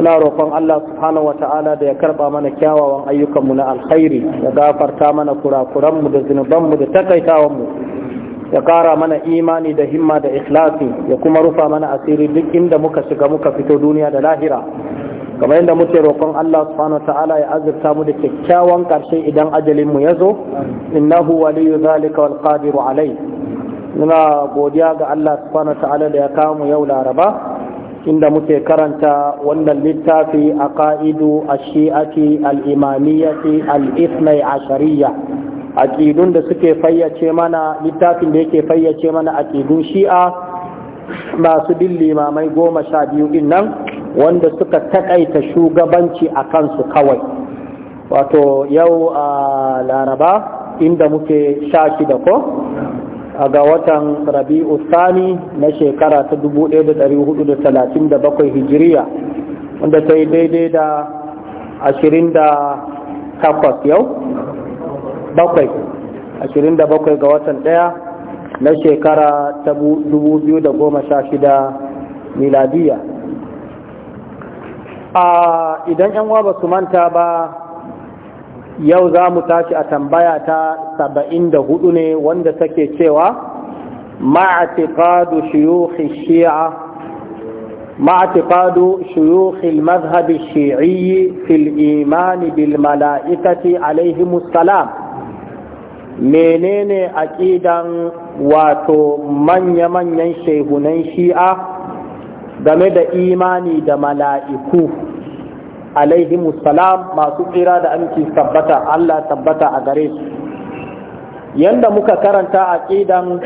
muna roƙon Allah subhanahu wa ta'ala da ya karɓa mana kyawawan ayyukanmu na alkhairi ya gafarta mana kurakuranmu da zunubanmu da takaitawanmu ya ƙara mana imani da himma da ikhlasi ya kuma rufa mana asiri duk inda muka shiga muka fito duniya da lahira kamar yadda muke roƙon Allah subhanahu wa ta'ala ya azurta mu da kyakkyawan ƙarshe idan ajalinmu ya zo innahu waliyu zalika wal qadiru alai muna godiya ga Allah subhanahu wa ta'ala da ya kawo mu yau laraba inda muke karanta wannan littafi a ƙa'idu, a shi'ati al'imamiyyati al'ifnai ashariya aƙidun da suke fayyace mana littafin da yake fayyace mana a ƙidun shi'a masu bin limamai goma sha biyu ɗin nan wanda suka taƙaita shugabanci a kansu kawai wato yau a laraba inda muke sha shida ko a ga watan rabi'u sani na shekara ta 1437 hijiriya wanda ta yi daidai da 28 yau bakwai 27 ga watan daya na shekara ta 2016 miladiya a idan yan wa ba su manta ba yau za mu tashi a tambaya ta saba'in da hudu ne wanda take cewa ma'atikadu shuyukhi shi'a ma'atiqadu shii fil imani bil mala'ikati alayhi musallam menene aqidan wato manya-manyan shehunan shi'a game da imani da mala'iku alaihimu salam masu tsira da amince tabbata Allah tabbata a gare su yanda muka karanta a ƙidan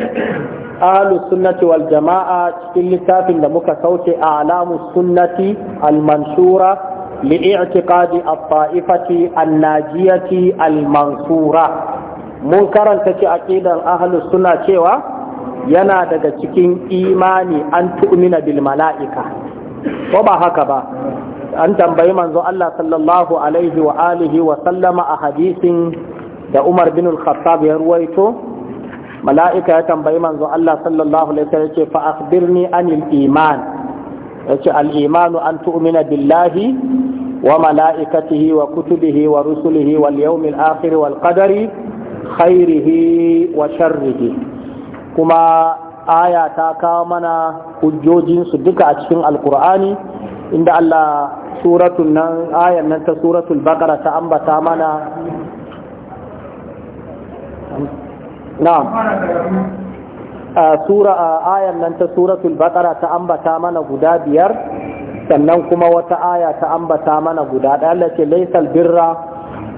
ahlus sunnati wal jama'a cikin littafin da muka sauke a alamu sunnati al-mansura i'tiqadi at-ta'ifati an-najiyati al-mansura mun karanta ci aqidan ahlus sunna cewa yana daga cikin imani an tu'mina bil mala'ika ko ba haka ba an tambayi manzo Allah sallallahu alaihi wa alihi wa sallama a hadisin da Umar bin al-Khattab ya ruwaito mala'ika ya tambayi manzo Allah sallallahu alaihi wa yace fa akhbirni anil iman yace al-imanu an tu'mina billahi wa mala'ikatihi wa kutubihi wa rusulihi wal yawmil akhir wal qadari khairihi wa sharrihi kuma aya ta kawo mana hujjojinsu duka a cikin alkur'ani inda Allah suratun nan ayan nan ta suratul baqara ta ambata mana na'am sura ayan nan ta suratul baqara ta ambata mana guda biyar sannan kuma wata aya ta ambata mana guda ɗaya Allah ce laysal birra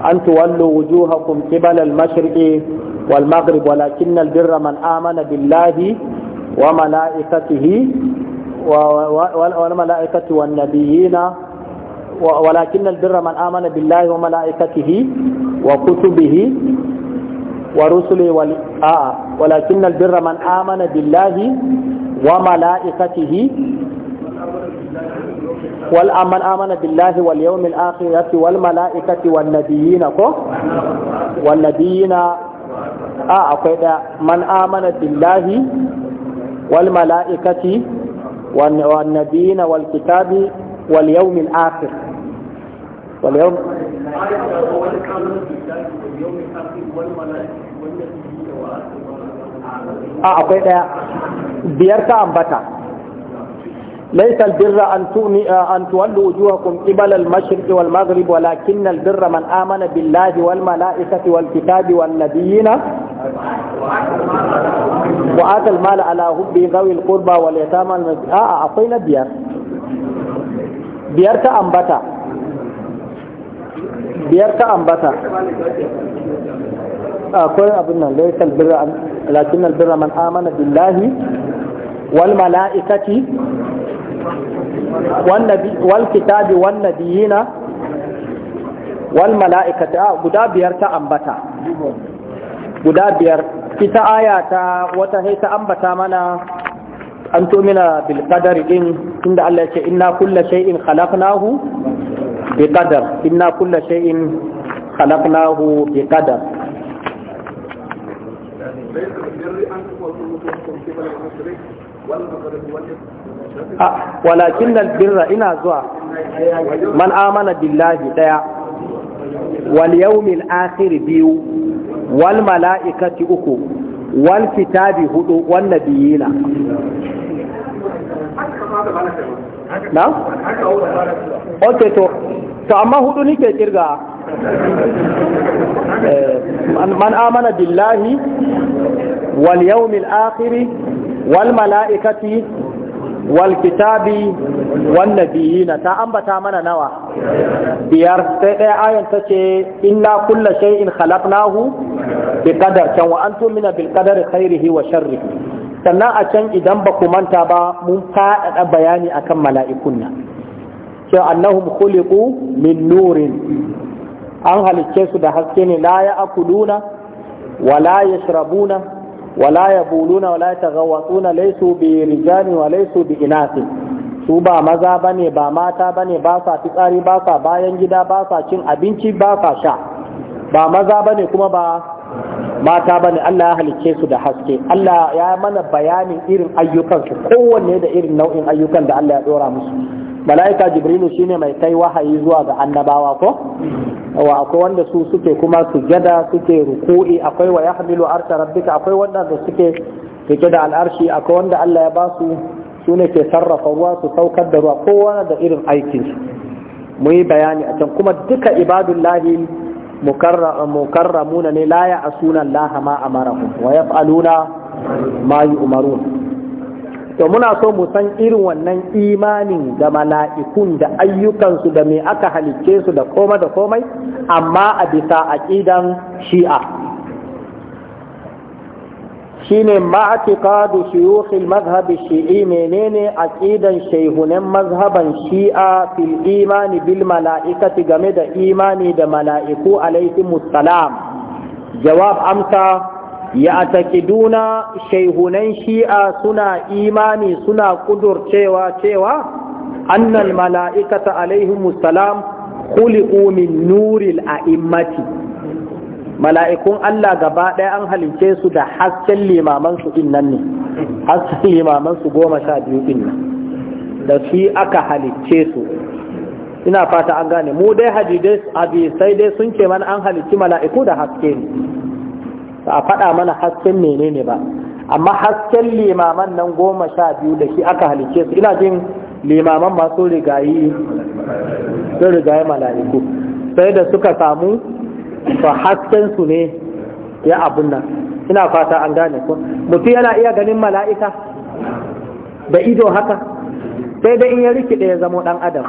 an tuwallu wujuhakum qibala al-mashriqi wal maghrib walakinna al-birra man amana billahi wa malaikatihi wa wa wa ولكن البر من آمن بالله وملائكته وكتبه ورسله ول... آه،, آه. ولكن البر من آمن بالله وملائكته والأمن آه، آمن بالله واليوم الآخرة والملائكة والنبيين والنبيين آه من آمن بالله والملائكة والنبيين والكتاب واليوم الآخر واليوم a بيرتا ɗaya ليس البر أن آه، أن تولوا وجوهكم قبل المشرق والمغرب ولكن البر من آمن بالله والملائكة والكتاب والنبيين وآتى المال على حب ذوي القربى واليتامى آه أعطينا آه، إيه؟ بيرتا بيار أنبتا biyar ta ambata akwai abin nan laisa albirra lakin albirra man amana billahi wal mala'ikati wal kitabi wan nabiyina wal mala'ikati ah, guda biyar ta ambata guda biyar ita aya ta wata haita ambata mana an tumina bil qadari din inda Allah ya ce inna kulla shay'in khalaqnahu بقدر إنا كل شيء خلقناه بقدر ولكن البر إنا زوا من آمن بالله ديا واليوم الآخر بيو والملائكة أكو والكتاب هدو والنبيين na? ok to to amma hudu nike kirga eh, man amana billahi wal yawmil akhiri wal mala'ikati wal kitabi wan nabiyina ta ambata mana nawa biyar sai ɗaya ayan ta ce inna kulla shay'in khalaqnahu bi qadar kan wa antum min bil qadari khairihi wa sharrihi sannan a can idan ba ku manta ba mun faɗaɗa bayani akan mala'ikun nan cewa annahum khuliqu min nurin an halicce su da haske ne la ya akuluna wa la yashrabuna wa la buluna wa la yataghawwatuna laysu bi rijani wa laysu bi inasi su ba maza bane ba mata bane ba sa fitsari ba sa bayan gida ba sa cin abinci ba sa sha ba maza bane kuma ba mata bane Allah ya halicce su da haske Allah ya mana bayanin irin ayyukansu, su kowanne da irin nau'in ayyukan da Allah ya dora musu mala'ika jibrilu shine mai kai wahayi zuwa ga annabawa ko wa akwai wanda su suke kuma sujada suke ruku'i akwai wa yahmilu arsha rabbika akwai wanda da suke suke da al'arshi akwai wanda Allah ya ba su su ke sarrafa ruwa su saukar da ruwa kowa da irin aikin su mu yi bayani a can kuma duka ibadullahi mukarramuna ne la ya asuna Allah ma amarahum wa yaf'aluna to muna so mu san irin wannan imanin da mala'ikun da ayyukansu da me aka halicce su da koma da komai amma a bisa aqidan shi'a shine ma'atiqadu shuyukh al-madhhab shi'i menene aqidan shaihunan mazhaban shi'a fil imani bil mala'ikati game da imani da mala'iku alaihi musallam jawab amsa ya atakiduna shaihunan shi'a suna imani suna kudurcewa cewa annal mala'ikata alaihi musallam khuliqu min nuril a'immati mala'ikun Allah gaba ɗaya an halince su da hasken limaman su din nan ne hasken limaman su goma sha biyu din nan da shi aka halicce su ina fata an gane mu dai sai dai sun ce mana an halicci mala'iku da haske ne a faɗa mana hasken menene ba amma hasken limaman nan goma sha biyu da shi aka halicce su ina jin limaman masu rigayi sun rigayi mala'iku sai da suka samu Fa hasken su ne ya abun nan ina fata an gane ko mutum yana iya ganin mala'ika da ido haka sai dai in ya rikide ya zamo ɗan adam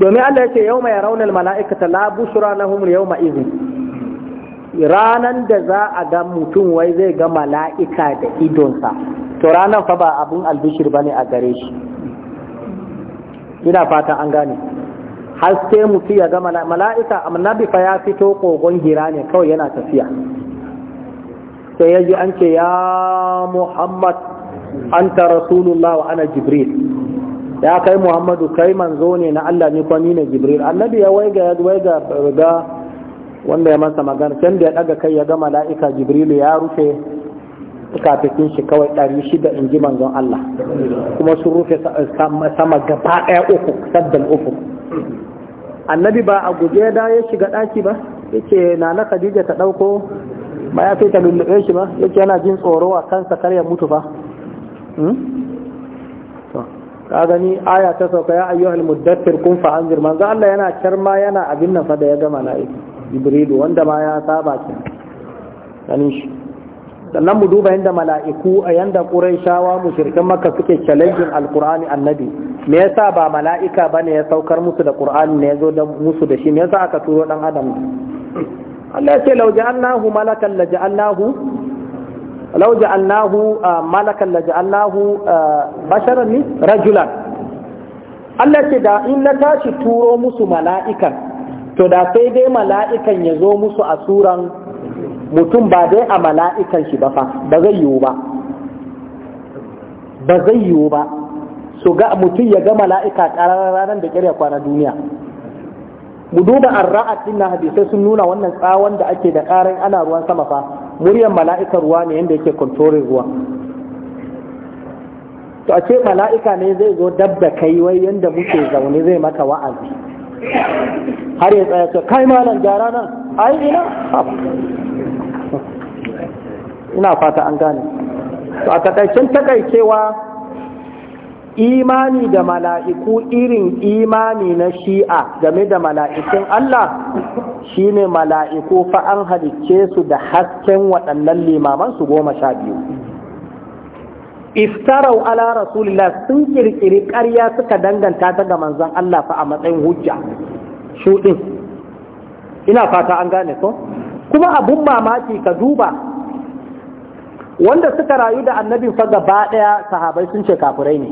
domin Allah ya ce yau mai raunar mala'ikata la bushra lahum yau ma izin ranan da za a ga mutum wai zai ga mala'ika da idonsa to ranan fa ba abun albishir bane a gare shi ina fata an gane har sai mutum ya ga mala'ika annabi fa ya fito kogon gira ne kawai yana tafiya sai ya ji an ce ya muhammad anta rasulullah wa ana jibril ya kai muhammadu kai manzo ne na allah ni kwani ne jibril annabi ya waiga ya waiga ga wanda ya masa magana can da ya daga kai ya ga mala'ika jibril ya rufe kafin shi kawai ɗari shida in ji manzon allah kuma sun rufe sama gaba ɗaya uku sabbin uku annabi ba a guje da ya shiga ɗaki ba yake na na khadija ta ɗauko ba ya fi ta lullube shi ba yake yana jin tsoro a kansa kar ya mutu ba hmm? ka gani aya ta sauka ya ayyuhal muddathir kun fa anzir manzo Allah yana karma yana abin nan fa da ya gama mala'iku ibridu wanda ma ya saba ki ganin shi sannan mu duba yadda mala'iku a yadda mu mushrikan maka suke challenging alƙur'ani annabi me yasa ba mala'ika bane ya saukar musu da ƙur'ani ne ya zo musu da shi me yasa aka turo dan adam Allah ya ce law ja'alnahu malakan la ja'alnahu law ja'alnahu ah, malakan la ja'alnahu ah, basharan ni rajulan Allah ce da in na tashi turo musu mala'ikan to da sai dai mala'ikan ya zo musu a suran mutum ba dai a mala'ikan shi ba fa ba zai yiwu ba ba zai yiwu ba su ga mutum ya ga mala'ika ƙarar ranar da ƙirya kwana duniya mu duba arra'at din na hadisai sun nuna wannan tsawon da ake da ƙarin ana ruwan sama fa muryar mala'ikar ruwa ne yadda yake kontorin ruwa to a ce mala'ika ne zai zo dab kai wai yadda muke zaune zai maka wa'azi har ya tsaya ce kai malam gyara nan ai ina ina fata an gane to a takaicen takaicewa imani da mala'iku irin imani na shi'a game da mala'ikun Allah shine mala'iku fa an halicce su da hasken waɗannan limaman su goma sha biyu iftarau ala rasulillah sun kirkiri ƙarya suka danganta ta ga manzon Allah fa a matsayin hujja shuɗin ina fata an gane ko kuma abun mamaki ka duba wanda suka rayu da annabin fa gaba ɗaya sahabai sun ce kafirai ne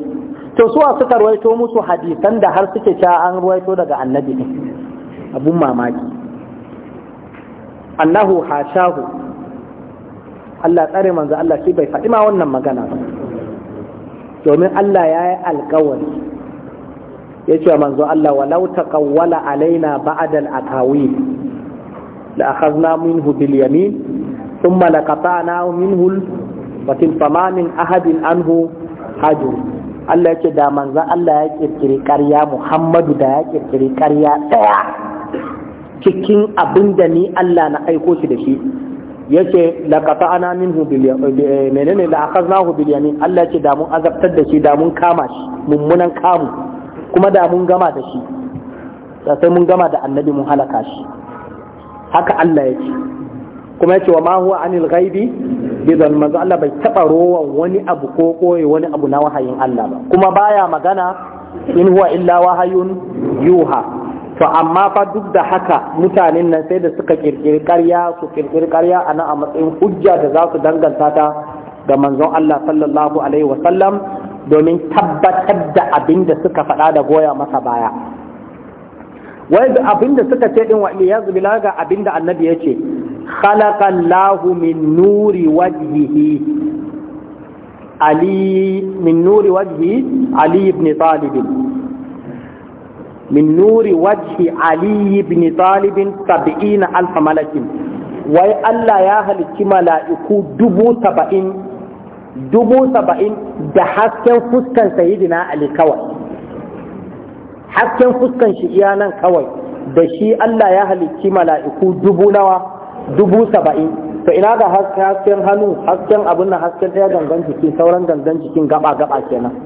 to suwa suka rawaito musu hadisan da har suke cewa an rawaito daga annabi ne abun mamaki annahu hashahu Allah tsare manzo Allah shi bai faɗi ma wannan magana ba domin Allah ya yi alkawari ya ce manzo Allah walau ƙawwala alaina a al-aqawil la akhadna min bil yamin thumma laqata'na minhu watin fama min ahadin anhu hajur Allah ce da manzan Allah ya kirkiri ƙarya Muhammadu da ya kirkiri ƙarya ɗaya cikin abin da ni Allah na aiko shi da shi yace kafa ana minhu bil eh, menene la akhadnahu bil yamin Allah yace da mun azabtar da shi da mun kama shi mummunan kamu kuma da mun gama da shi sai mun gama da annabi mun halaka shi haka Allah yace kuma yace wa ma huwa anil ghaibi bidan manzo Allah bai taba rowan wani abu ko koyi wani abu na wahayin Allah ba kuma baya magana in huwa illa wahayun yuha to amma fa duk da haka mutanen nan sai da suka kirkiri ƙarya su kirkiri ƙarya a nan a matsayin hujja da za su danganta ta ga manzon Allah sallallahu alaihi wa sallam domin tabbatar da abin da suka faɗa da goya masa baya wai da abin da suka ce din wa iyazu billah ga abin da annabi ya ce khalaqallahu min nuri wajhihi ali min nuri wajhi ali ibn talib min nuri wajhi ali ibn talib 70 alf malakin wai Allah ya halicci mala'iku dubu saba'in dubu da hasken fuskan sayidina Ali kawai hasken fuskan iya nan kawai da shi Allah ya halicci mala'iku dubu nawa dubu saba'in to ina ga hasken hannu hasken abin na hasken ɗaya gangan jikin sauran gangan jikin gaba gaba kenan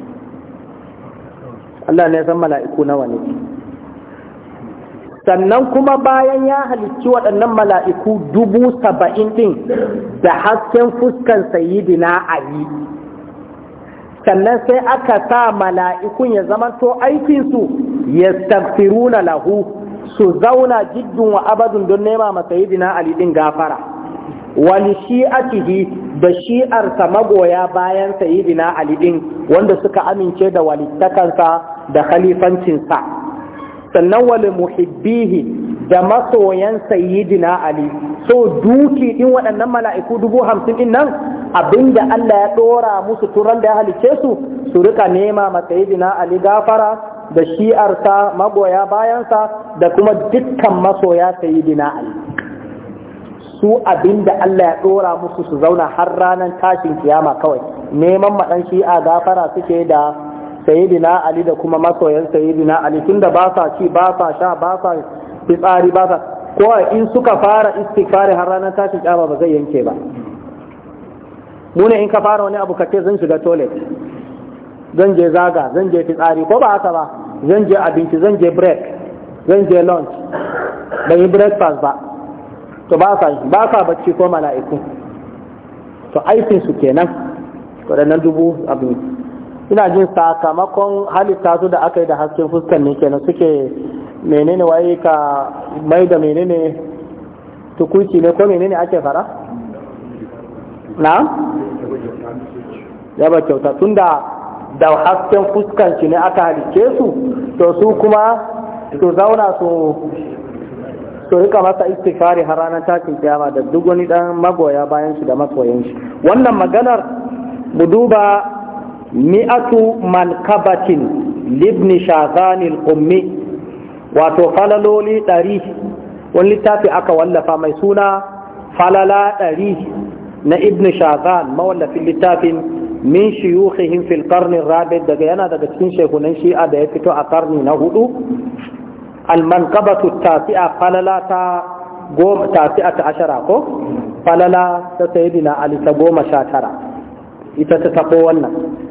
Allah ne san mala'iku nawa ne sannan kuma bayan ya halicci waɗannan mala'iku dubu saba'in ɗin da hasken fuskan sayidina Ali sannan sai aka sa mala'ikun ya zamanto aikinsu ya na lahu su zauna jiddun wa abadun don nema ma sayidina Ali ɗin gafara wani shi cihi da shi'arsa magoya bayan sayidina Ali ɗin wanda suka amince da walittakansa da khalifancinsa. sannan wale muhibbihi da masoyan sayyidina ali so duki din waɗannan mala'iku dubu hamsin din nan abinda Allah ya ɗora musu turan da ya halice su su rika nema ma sayyidina ali gafara da shi'arsa magoya bayansa da kuma dukkan masoya sayyidina ali su abinda Allah ya ɗora musu su zauna har ranar tashin kiyama kawai neman maɗan shi'a gafara suke da sayyidina ali da kuma masoyan sayyidina ali tunda ba sa ci ba sa sha ba sa fitsari ba sa ko in suka fara istighfari har ranar tashin kyama ba zai yanke ba mu ne in ka fara wani abu kace zan shiga toilet zan je zaga zan je fitsari ko ba haka ba zan je abinci zan je break zan je lunch ban yi breakfast ba to ba sa ba sa bacci ko mala'iku to aikin su kenan waɗannan dubu abin ina jin sakamakon halitta su da aka yi da hasken fuskan ne kenan suke menene waye ka mai da menene tukuci ne ko menene ake fara na yaba kyauta tunda da hasken fuskan shi ne aka halice su to su kuma su zauna su to rika masa istighfari har ranar tashin kiyama da duk wani dan magoya bayan shi da masoyan shi wannan maganar mu duba mi'atu mankabatin libni al ummi wato falaloli ɗari wani littafi aka wallafa mai suna falala ɗari na ibn shazan mawallafin littafin min shiyukhihim fil qarni rabi daga yana daga cikin shekunan shi'a da ya fito a karni na hudu al mankabatu tasi'a falala ta goma tafi'a ta ashara ko falala ta sayidina ali ta goma sha tara ita ta tabo wannan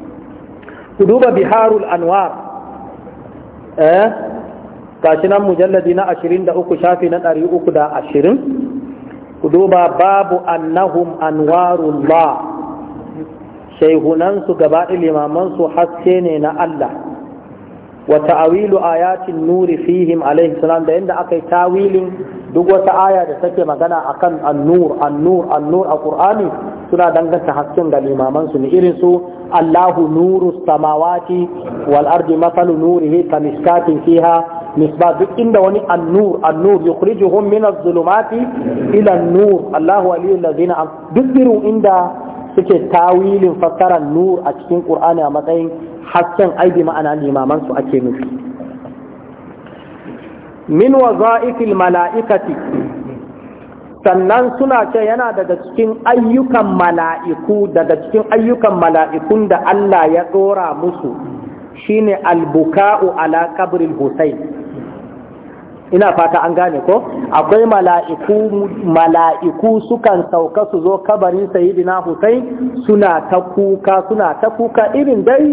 ku duba biharul anwar eh gashi nan mujalladi na 23 shafi na 320 ku duba babu annahum anwarullah shaihunansu gaba limamansu haske ne na Allah wa ta'awilu ayatin nuri fihim alaihi salam da yadda aka yi tawilin duk wata aya da take magana akan annur annur annur a qur'ani suna danganta hasken ga limaman su ne irin su Allahu nuru samawati wal ardi masalu nurihi kamiskatin fiha misbah duk inda wani annur annur yukhrijuhum min adh-dhulumati ila an-nur Allahu waliyul ladina duk irin inda suke tawilin fassarar nur a cikin qur'ani a matsayin hasken aibi ma'ana limaman su ake nufi min waza'ifil mala'ikati sannan suna ce yana daga cikin ayyukan mala'iku daga cikin ayyukan mala'ikun da Allah ya ɗora musu shine albuka'u ala kabril husayn ina fata an gane ko akwai mala'iku mala'iku sukan sauka su zo kabarin sayyidina Husain suna ta kuka suna ta kuka irin dai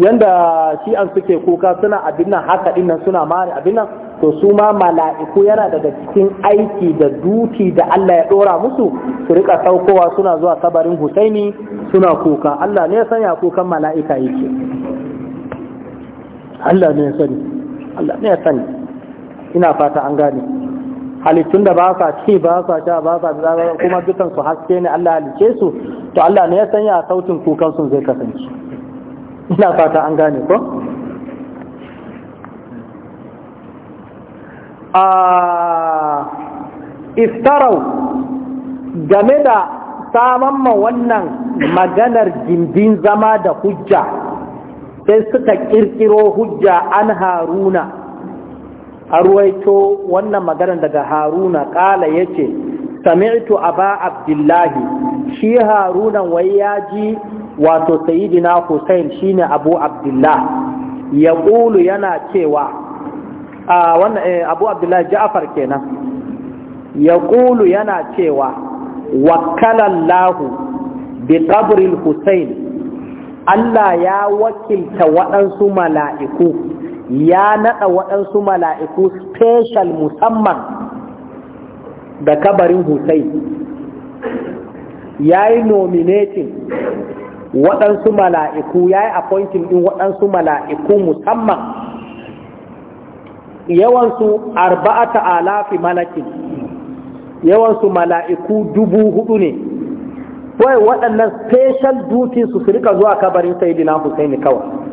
yanda shi an suke kuka suna abin nan haka dinnan suna mare abin nan to su ma mala'iku yana daga cikin aiki da duti da Allah ya dora musu su rika saukowa suna zuwa kabarin Husaini suna kuka Allah ne ya sanya kukan mala'ika yake Allah ne ya sani Allah ne ya sani ina fata an gane halittun da ba sa ci ba sa sha ba sa kuma dukan su haske ne Allah halice su to Allah ne ya sanya sautin kukan su zai kasance ina fata an gane ko a iftarau game da saman ma wannan maganar gindin zama da hujja sai suka kirkiro hujja an haruna arwaito wannan magana daga haruna kala ya ce sami'tu aba abdullahi shi haruna wai ya ji wato sayidina hussein shine abu abdullah ya ƙulu yana cewa a wannan eh, abu abdullah ja'afar kenan ya ƙulu yana cewa wakkalallahu bi qabril hussein Allah ya wakilta waɗansu mala'iku ya naɗa waɗansu mala'iku special musamman da kabarin Hussein ya yi nominating waɗansu mala'iku ya yi appointing ɗin waɗansu mala'iku musamman yawansu arba'ata alafi malakin yawansu mala'iku dubu hudu ne Wai waɗannan special duties su rika zuwa kabarin sayidina Hussein kawai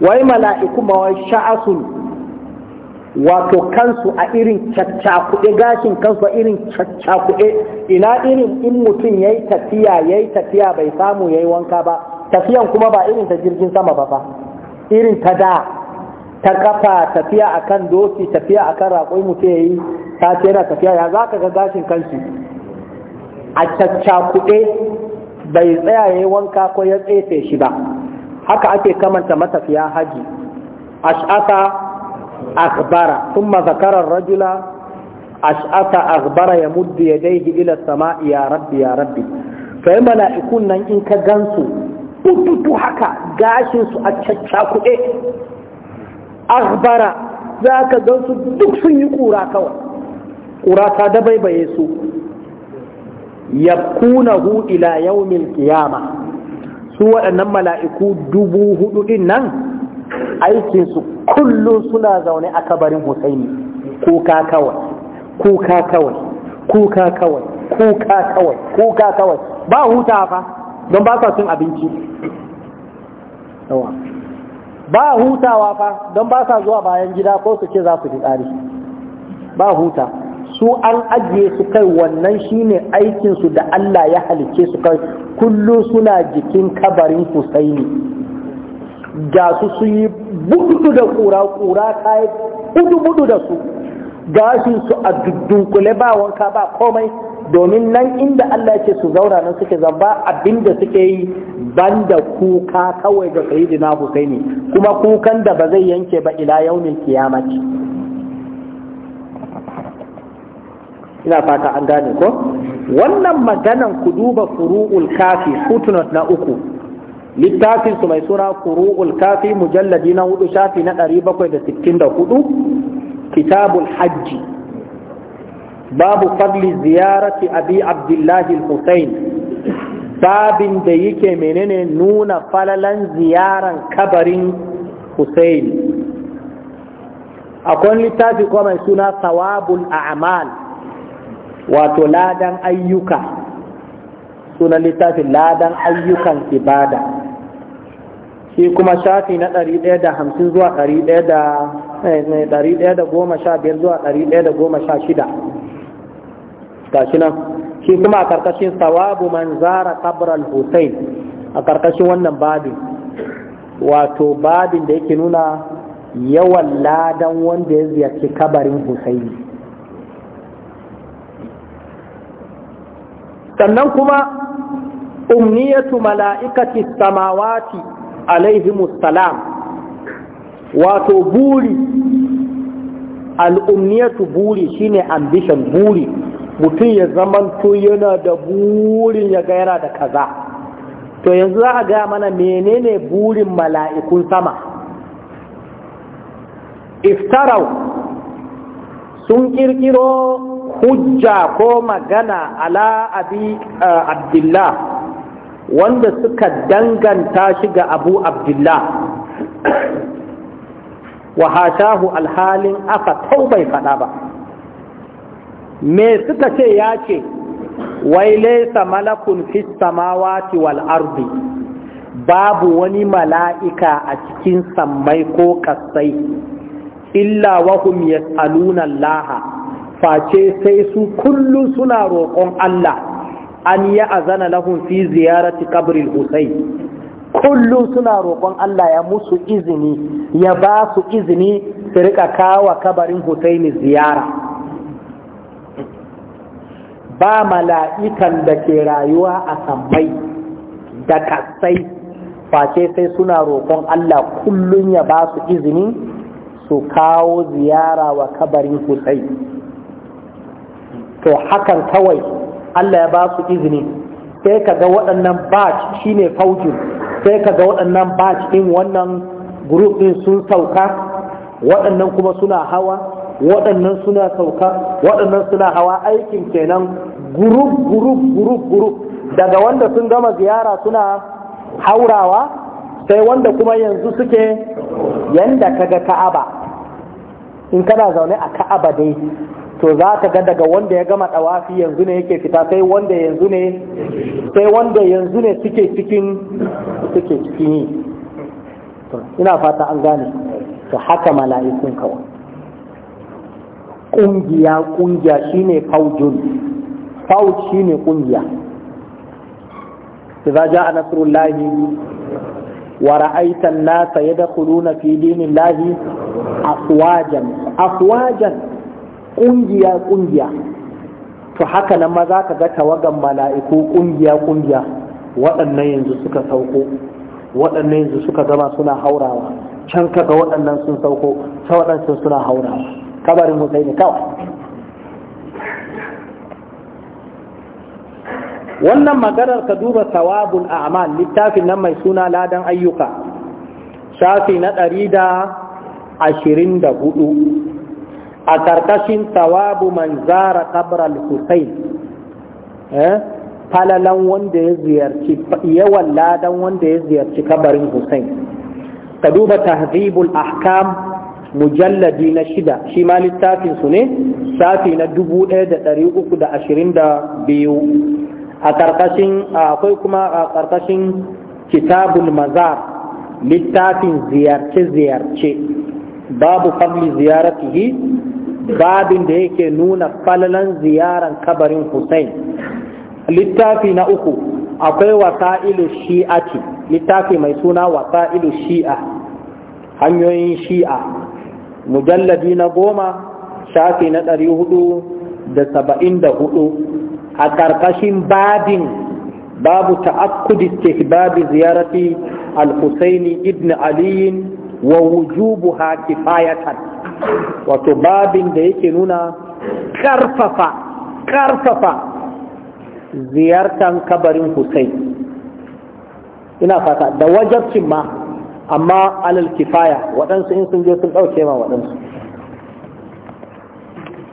wai mala'iku ma wai sha'asun wato kansu a irin cacakuɗe gashin kansu a irin cacakuɗe? ina irin in mutum ya yi tafiya ya tafiya bai samu ya yi wanka ba tafiyan kuma ba irin ta jirgin sama ba ba irin ta da ta kafa tafiya akan doki tafiya akan raƙoi mutum ya yi ta yana tafiya ya za ka ga gashin kansu a cacakuɗe bai tsaya ya yi wanka ko ya tsefe shi ba haka ake kamanta matafiya haji ash'ata akhbara thumma zakara ar-rajula ash'ata akhbara yamuddu yadayhi ila samai ya rabbi ya rabbi sai mala'ikun nan in ka gansu tututu haka gashin su a caccakuɗe akhbara za ka gansu duk sun yi kura kawai kura ta dabaibaye su yabkunahu ila yawmil qiyamah su waɗannan mala'iku dubu hudu din nan aikinsu kullum suna zaune a kabarin Husaini kuka kawai kuka kawai kuka kawai kuka kawai kuka kawai ba huta fa don ba sa cin abinci ba hutawa fa don ba sa zuwa bayan gida ko su ce za su fi tsari ba huta su an ajiye su kai wannan shine aikinsu da Allah ya halicce su kai kullu suna jikin kabarin ne ga su su yi budu da kura kura kai budu budu da su gashin su a dudunkule ba wanka ba komai domin nan inda Allah ce su zaura nan suke zamba abinda suke yi banda kuka kawai ga sayyidina Husaini kuma kukan da ba zai yanke ba ila yaumin kiyamati ina fata an gane ko wannan maganan ku duba furu'ul kafi footnote na uku littafin su mai suna furu'ul kafi mujalladi na hudu shafi na 764 kitabul hajji babu fadli ziyarati abi abdullahi al-husayn babin da yake menene nuna falalan ziyaran kabarin husayn akwai littafi kuma mai suna sawabul a'mal wato ladan ayyuka sunan littafin ladan ayyukan ibada shi kuma shafi na 150 zuwa 115 eh, zuwa 116 gashi nan shi kuma a karkashin sawabu man zara kabral hussein a karkashin wannan babin wato babin da yake nuna yawan ladan wanda ya ziyarci kabarin husaini sannan kuma umniyatu mala'ikati samawati alaihimussalam wato buri al'umniyatu buri shine ambition buri mutum ya zamanto yana da burin ya gaira da kaza to yanzu za a gaya mana menene burin mala'ikun sama iftarau sun kirkiro hujja ko magana ala abi eh, abdullah wanda suka danganta shi ga abu abdullah wa hashahu alhalin aka tau bai faɗa ba me suka ce ya ce wai laisa malakun fis samawati wal ardi babu wani mala'ika a cikin sammai ko kasai illa wahum yas'aluna allaha face sai su kullum suna roƙon Allah an ya azana lahum fi ziyarati qabril Husayn kullum suna roƙon Allah ya musu izini ya ba su izini su rika kawo kabarin Husaini ziyara ba mala'ikan da ke rayuwa a sammai da kasai face sai suna roƙon Allah kullum ya ba su izini su kawo ziyara wa kabarin Husaini to hakan kawai Allah ya ba su izini sai ka ga waɗannan batch shine faujin sai ka ga waɗannan batch ɗin wannan group ɗin sun sauka waɗannan kuma suna hawa waɗannan suna sauka waɗannan suna hawa aikin kenan group group group group daga wanda sun gama ziyara suna haurawa sai wanda kuma yanzu suke yanda kaga ka'aba in kana zaune a ka'aba dai to za ka ga daga wanda ya gama ɗawafi yanzu ne yake fita sai wanda yanzu ne sai wanda yanzu ne suke cikin suke cikin yi ina fata an gane to haka mala'ikun kawai ƙungiya ƙungiya shine faujun fauj shine ƙungiya idza jaa nasrullahi wa ra'aita an-nasa yadkhuluna fi dinillahi afwajan afwajan ƙungiya ƙungiya to haka nan ma za ka ga tawagan mala'iku ƙungiya ƙungiya waɗannan yanzu suka sauko waɗannan yanzu suka gama suna haurawa can ka ga waɗannan sun sauko ta waɗansu suna haurawa kabarin mutsai ne kawai wannan maganar ka duba a a'mal littafin nan mai suna ladan ayyuka shafi na ɗari da ashirin da hudu a karkashin tawabu man zara kabral Hussein eh, falalan wanda ya ziyarci yawan ladan wanda ya ziyarci kabarin Hussein ka duba tahzibul ahkam mujalladi na shida shi ma littafin su ne safi na dubu ɗaya da ɗari uku da ashirin da biyu a ƙarƙashin akwai kuma a ƙarƙashin kitabul mazar littafin ziyarce-ziyarce babu fadli ziyaratihi babin da yake nuna falalan ziyaran kabarin Hussein littafi na uku akwai wasa'ilu shi'ati littafi mai suna wasa'ilu shi'a hanyoyin shi'a mujalladi na goma shafi na ɗari hudu da saba'in da hudu a ƙarƙashin babin babu ta'akkudi istihbabi ziyarati al-husaini ibn aliyin wa wujubu ha kifayatan wato babin da yake nuna karfafa karfafa ziyartan kabarin Hussein ina fata da wajabcin ma amma alal kifaya waɗansu in sun je sun ɗauke ma waɗansu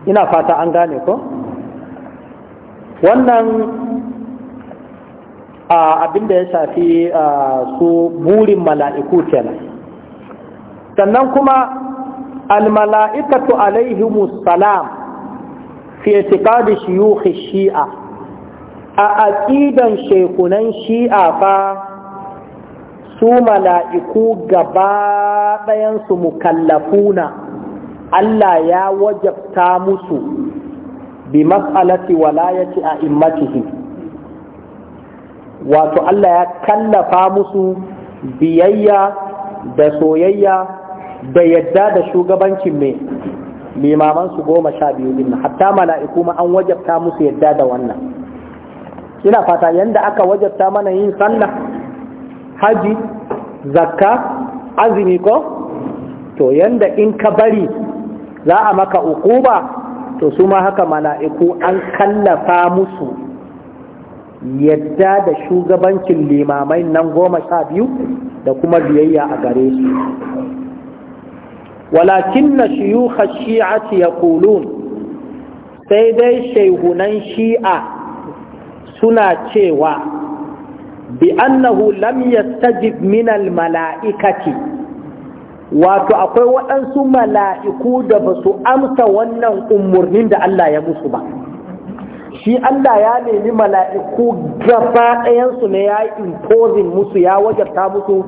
ina fata an gane ko wannan abin da ya shafi su burin mala'iku kenan sannan kuma almala'ikatu alaihimus salam fi da shuyukh shi'a a aƙidan shekunan shi'a fa su mala'iku gaba ɗayansu mukallafuna Allah ya wajabta musu bi mas'alati walayati a immatihi wato Allah ya kallafa musu biyayya da soyayya da yadda da shugabancin mai limaman su goma sha biyu din hatta mala'iku ma an wajabta musu yadda da wannan ina fata yanda aka wajabta mana yin sallah haji zakka azumi ko to yanda in ka bari za a maka ukuba to su ma haka mala'iku an kallafa musu yadda da shugabancin limamai nan goma sha biyu da kuma biyayya a gare su walakinna shuyukh ash-shi'ati yaqulun sai dai shehunan shi'a suna cewa bi annahu lam malaikati wato akwai waɗansu mala'iku da ba su amsa wannan umarnin da Allah ya musu ba shi Allah ya nemi mala'iku gaba ɗayansu ne ya yi imposing musu ya wajarta musu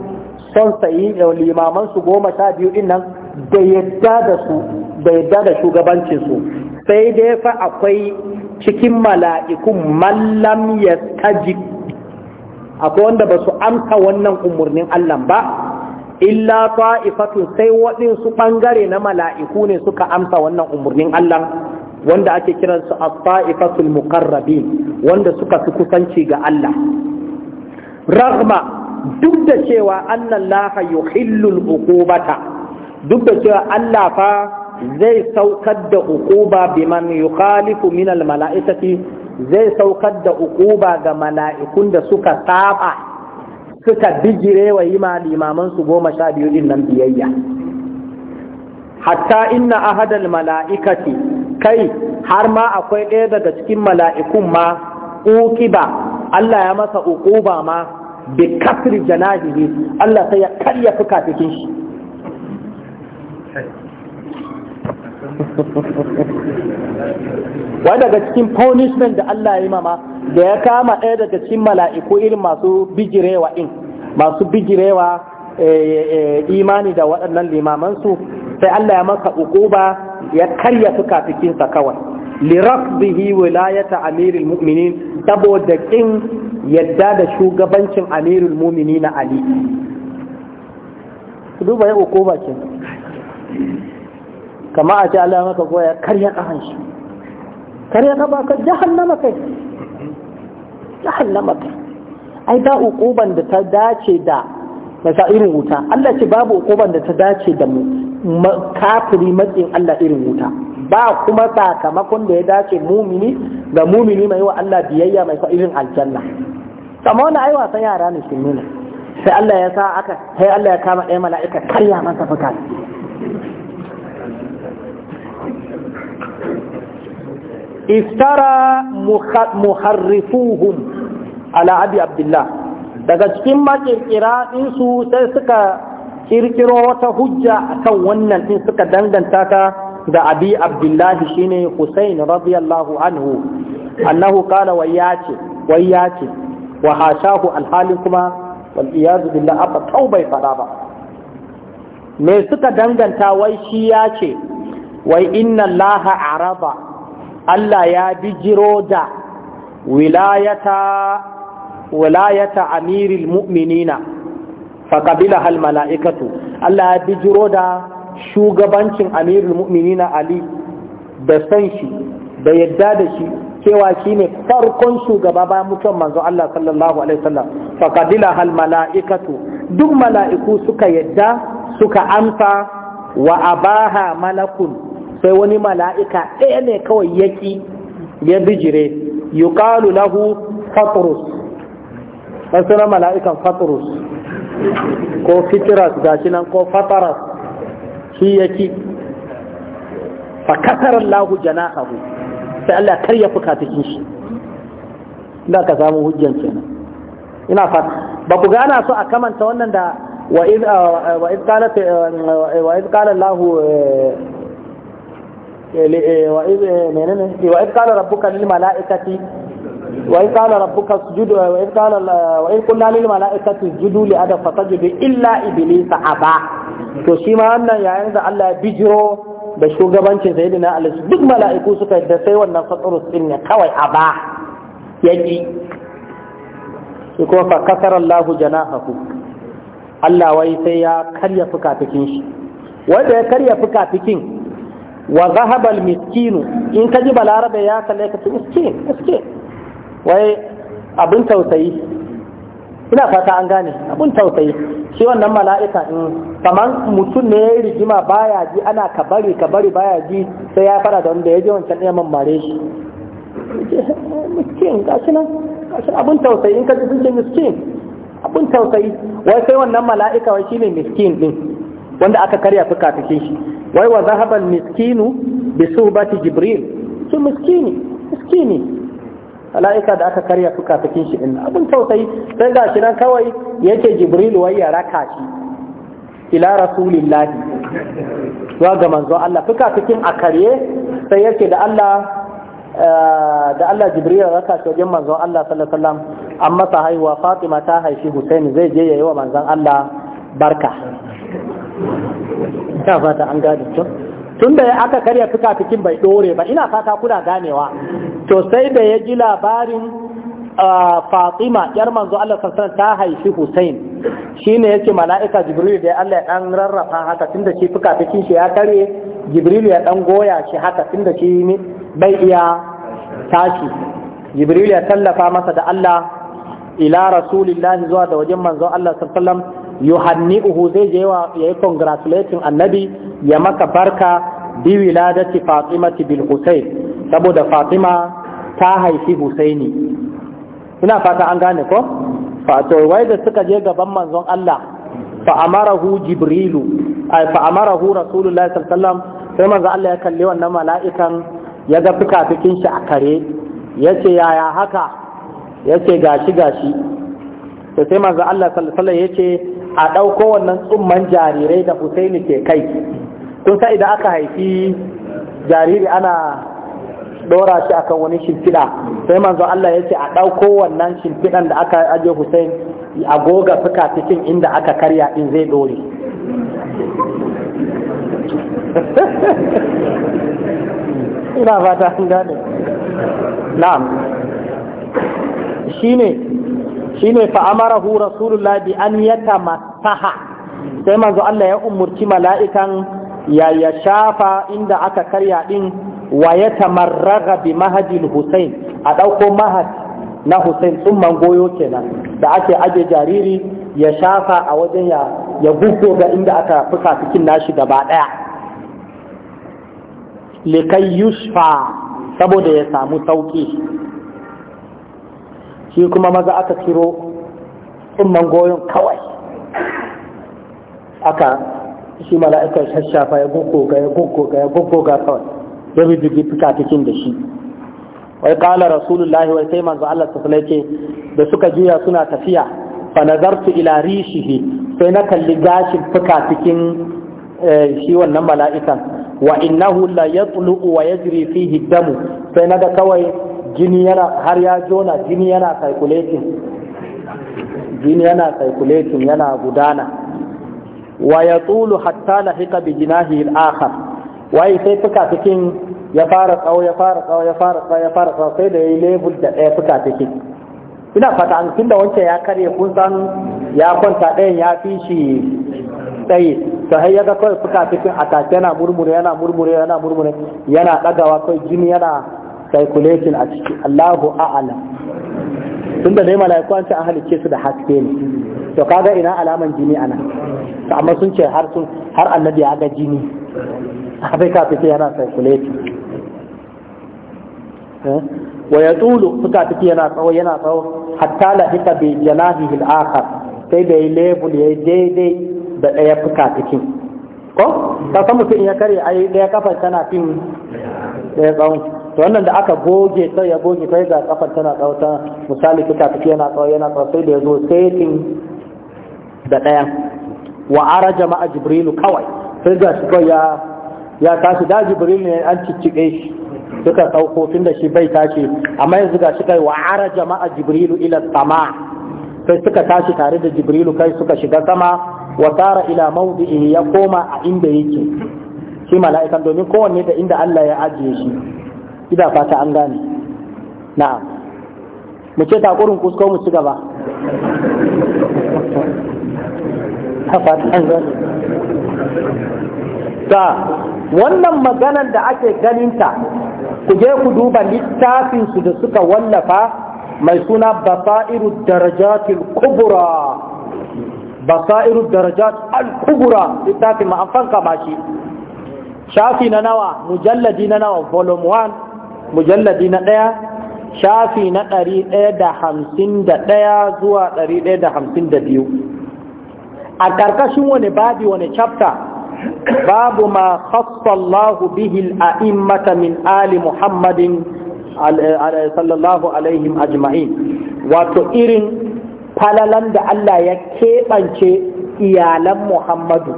son sayi limamansu goma sha biyu ɗin nan da yadda da su da yadda da shugabancin su sai dai fa akwai cikin mala'ikun mallam ya taji akwai wanda ba su amsa wannan umarnin Allah ba illa ta'ifatun sai waɗansu ɓangare na mala'iku ne suka amsa wannan umarnin Allah wanda ake kiransu a ta'ifatul muqarrabin wanda suka fi kusanci ga Allah Rahma, duk da cewa annan yuhillul uqubata duk da cewa Allah fa zai saukar da uquba biman yukhalifu min al mala'ikati zai saukar da uquba ga mala'ikun da suka saba suka bijire wa yi limaman su goma sha biyu din nan biyayya hatta inna ahadal mala'ikati kai har ma akwai ɗaya daga cikin mala'ikun ma uqiba Allah ya masa uquba ma bi kasri janahihi Allah sai ya karya fuka cikin shi wai daga cikin punishment da Allah ya yi mama da ya kama ɗaya daga cikin mala'iku irin masu bijirewa in masu bijirewa eh, eh, imani da waɗannan limamansu sai Allah ya maka ukuba ya karya sa kawai rafdihi wilayata amirul mu'minin saboda kin yadda da shugabancin amirul mu'minin Ali duba ya ukuba ce kama a ce Allah maka goya karya kafan shi karya kafa ka jahannama kai jahannama kai ai ba ukuban da ta dace da masa irin wuta Allah ce babu ukuban da ta dace da mu kafiri matsin Allah irin wuta ba kuma sakamakon da ya dace mumini ga mumini mai wa Allah biyayya mai irin aljanna kamar wani ai wasan yara ne shi nuna, sai Allah ya sa aka sai Allah ya kama ɗaya mala'ika karya masa fuka iftara muharrifuhum ala abi abdullah daga cikin makirkira su sai suka kirkiro wata hujja akan wannan din suka danganta ta da abi Abdullahi shine husain radiyallahu anhu annahu qala wa yace wa yace wa hashahu alhalin kuma wal iyad billah abba taubai fada ba me suka danganta wai shi yace wai inna allaha araba Allah ya bijiro da wilayata wilayata amiril mu'minina faqabilaha hal mala'ikatu Allah ya bijiro da shugabancin amirul mu'minina Ali da san shi da yadda da shi cewa shine farkon shugaba bayan mutum manzo Allah sallallahu alaihi wasallam faqadila hal malaikatu duk mala'iku suka yadda suka amsa wa abaha malakun sai wani mala'ika ɗaya ne kawai yaki ya bijire yuqalu lahu fatrus ɗan suna mala'ikan fatrus ko fitras gashi nan ko fataras shi yaki fa kasara lahu abu sai Allah karya fuka cikin shi ina ka samu hujjan kenan ina fata ba ku gana so a kamanta wannan da wa ƙalar lahu eh, wa iz menene wa iz qala rabbuka lil malaikati wa iz qala rabbuka sujudu wa iz qala wa iz illa iblisa aba to shi ma wannan yayin da Allah ya bijiro da shugabancin sayyidina Ali duk mala'iku suka da sai wannan fatsarus din ne kawai aba yaki shi kuma fa kasara Allah janahahu Allah wai sai ya karya fuka fukafikin shi wanda ya karya fuka fukafikin wa al miskinu in ka ji balarabe ya kalle ka ce miskin miskin wai abin tausayi ina fata an gane abin tausayi shi wannan mala'ika in kamar mutum ne ya rigima baya ji ana ka bari ka bari baya ji sai ya fara da wanda ya je wancan ɗaya man mare shi miskin gashi nan gashi abin tausayi in ka ji sun miskin abin tausayi wai sai wannan mala'ika wai shi ne miskin din wanda aka karya fuka cikin shi wai wa zahaba miskinu bi suhbati jibril su miskini miskini mala'ika da aka karya suka cikin shi din abin tausayi sai ga shi nan kawai yake jibril wai ya raka shi ila rasulillahi zuwa ga manzo Allah cikin a karye sai yake da Allah eh, da Allah Jibril raka shi wajen manzon Allah sallallahu alaihi wasallam an masa haihuwa Fatima ta haifi Husaini zai je yayi wa manzon Allah barka ta fata an gane to tun da aka karya fikafikin bai dore ba ina fata kuna ganewa to sai da ya ji labarin Fatima yar manzo Allah sallallahu ta haifi Hussein shine yake mala'ika Jibril da Allah ya dan rarrafa haka tunda shi fikafikin shi ya kare Jibril ya dan goya shi haka tunda shi ne bai iya tashi Jibril ya tallafa masa da Allah ila rasulillahi zuwa da wajen manzo Allah sallallahu uhu zai je wa yi congratulating annabi ya maka barka bi wiladati Fatima bil husayn saboda fatima ta haifi husaini ina fata an gane ko fato wai da suka je gaban manzon Allah fa amarahu jibrilu Ai fa amarahu rasulullahi sallallahu alaihi wasallam sai manzon Allah ya kalle wannan mala'ikan ya ga fikafikin shi a kare yace yaya haka yace gashi gashi to sai manzo Allah sallallahu alaihi wasallam yace a ɗauko wannan tsumman jarirai da Husaini ke kai kun sa idan aka haifi jariri ana ɗora shi akan wani shimfiɗa sai manzo Allah ya ce a ɗauko wannan shimfiɗan da aka aje Hussaini, a goga fuka cikin inda aka karya in zai ɗore ina fata sun gane na'am Shi ne. shine ne amarahu rasulullah bi an mataha sai manzo Allah ya umurci mala'ikan ya ya shafa inda aka karya ɗin, wa yatamarraga bi Mahajin husain a ɗauko mahad na husain tsumman goyo kenan da ake ajiye jariri ya shafa a wajen ya gugu ga inda aka fuka cikin nashi gaba ɗaya, likai yushfa saboda ya samu sauƙi. shi kuma maza aka ciro tsumman goyon kawai aka shi mala'ikar shashafa ya goggoga ya goggoga ya goggoga kawai ya bibbi fika cikin da shi wai kala rasulullahi wai sai manzo Allah sallallahu ce da suka juya suna tafiya fa nazartu ila rishihi sai na kalli gashin fuka cikin eh, shi wannan mala'ikan wa innahu la yatlu wa yajri fihi damu sai naga kawai jini yana har ya jona jini yana circulating jini yana circulating yana gudana wa ya tsulu hatta lahika bi jinahi al-akhar wai sai fuka cikin ya fara tsawo ya fara tsawo ya fara tsawo ya fara tsawo sai da yi level da ɗaya fuka cikin ina fata an tunda wancan ya karye kun san ya kwanta ɗayan ya fi shi tsaye to har ya ga kawai fuka cikin a yana murmure yana murmure yana murmure yana ɗagawa kawai jini yana calculating a ciki Allahu a'ala tun da dai mala'iku an ce an halicce su da haske ne to kaga ina alaman jini ana to amma sun ce har sun har annabi ya ga jini abai ka fice yana calculating eh? wa tulu suka fice yana tsawo yana tsawo hatta la hika bi janahihi al-akhar sai da label yayi daidai da daya fuka fice ko ka san mutum ya kare ai daya kafar tana fin daya tsawon to wannan da aka goge sai ya goge sai ga kafar tana tsawata misali kika kike yana tsawo yana tsawo sai da yazo setting da daya wa araja ma jibril kawai sai ga shi kawai ya ya tashi da jibril ne an ciccike shi duka sauko tun da shi bai tashi amma yanzu ga shi kai wa araja ma jibril ila sama sai suka tashi tare da jibril kai suka shiga sama wa tara ila mawdi'i ya koma a inda yake shi mala'ikan domin kowanne da inda Allah ya ajiye shi ina fata an gane na'am mu ce takurin kusko mu ci gaba ta wannan maganar da ake ganinta ku je ku duba littafinsu da suka wallafa mai suna basairu darajatul kubura basairu darajat al kubura littafin ma'amfanka ba shi shafi na nawa mujalladi na nawa volume 1 mujalladi na ɗaya shafi na ɗari ɗaya da hamsin da ɗaya zuwa ɗari ɗaya da hamsin da biyu a ƙarƙashin wani babi wani chapter babu ma khasallahu bihi aimmata min ali muhammadin sallallahu alaihim ajma'in wato irin falalan da Allah ya keɓance iyalan muhammadu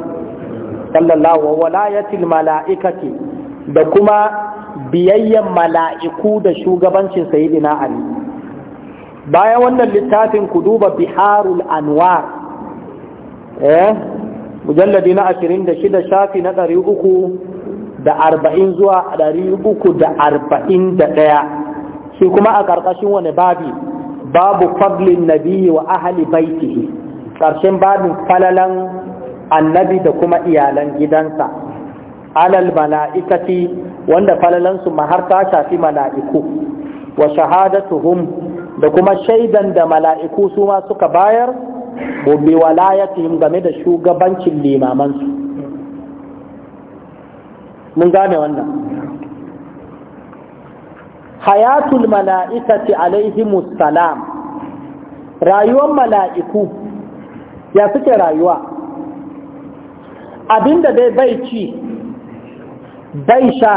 sallallahu wa malaikati da kuma biyayyan mala'iku da shugabancin sayidina Ali bayan wannan littafin ku duba biharul anwar eh mujalladi na 26 shafi na da arba'in zuwa 341 shi kuma a ƙarƙashin wani babi babu fadlin nabiyyi wa ahli baitihi ƙarshen babin falalan annabi da kuma iyalan gidansa alal mala'ikati wanda falalansu ma har ta shafi mala'iku wa shahadatuhum da kuma shaidan da mala'iku su ma suka bayar bi walayatihim game da shugabancin limamansu mun gane wannan hayatul mala'ikati alaihi salam rayuwar mala'iku ya suke rayuwa abinda dai bai ci bai sha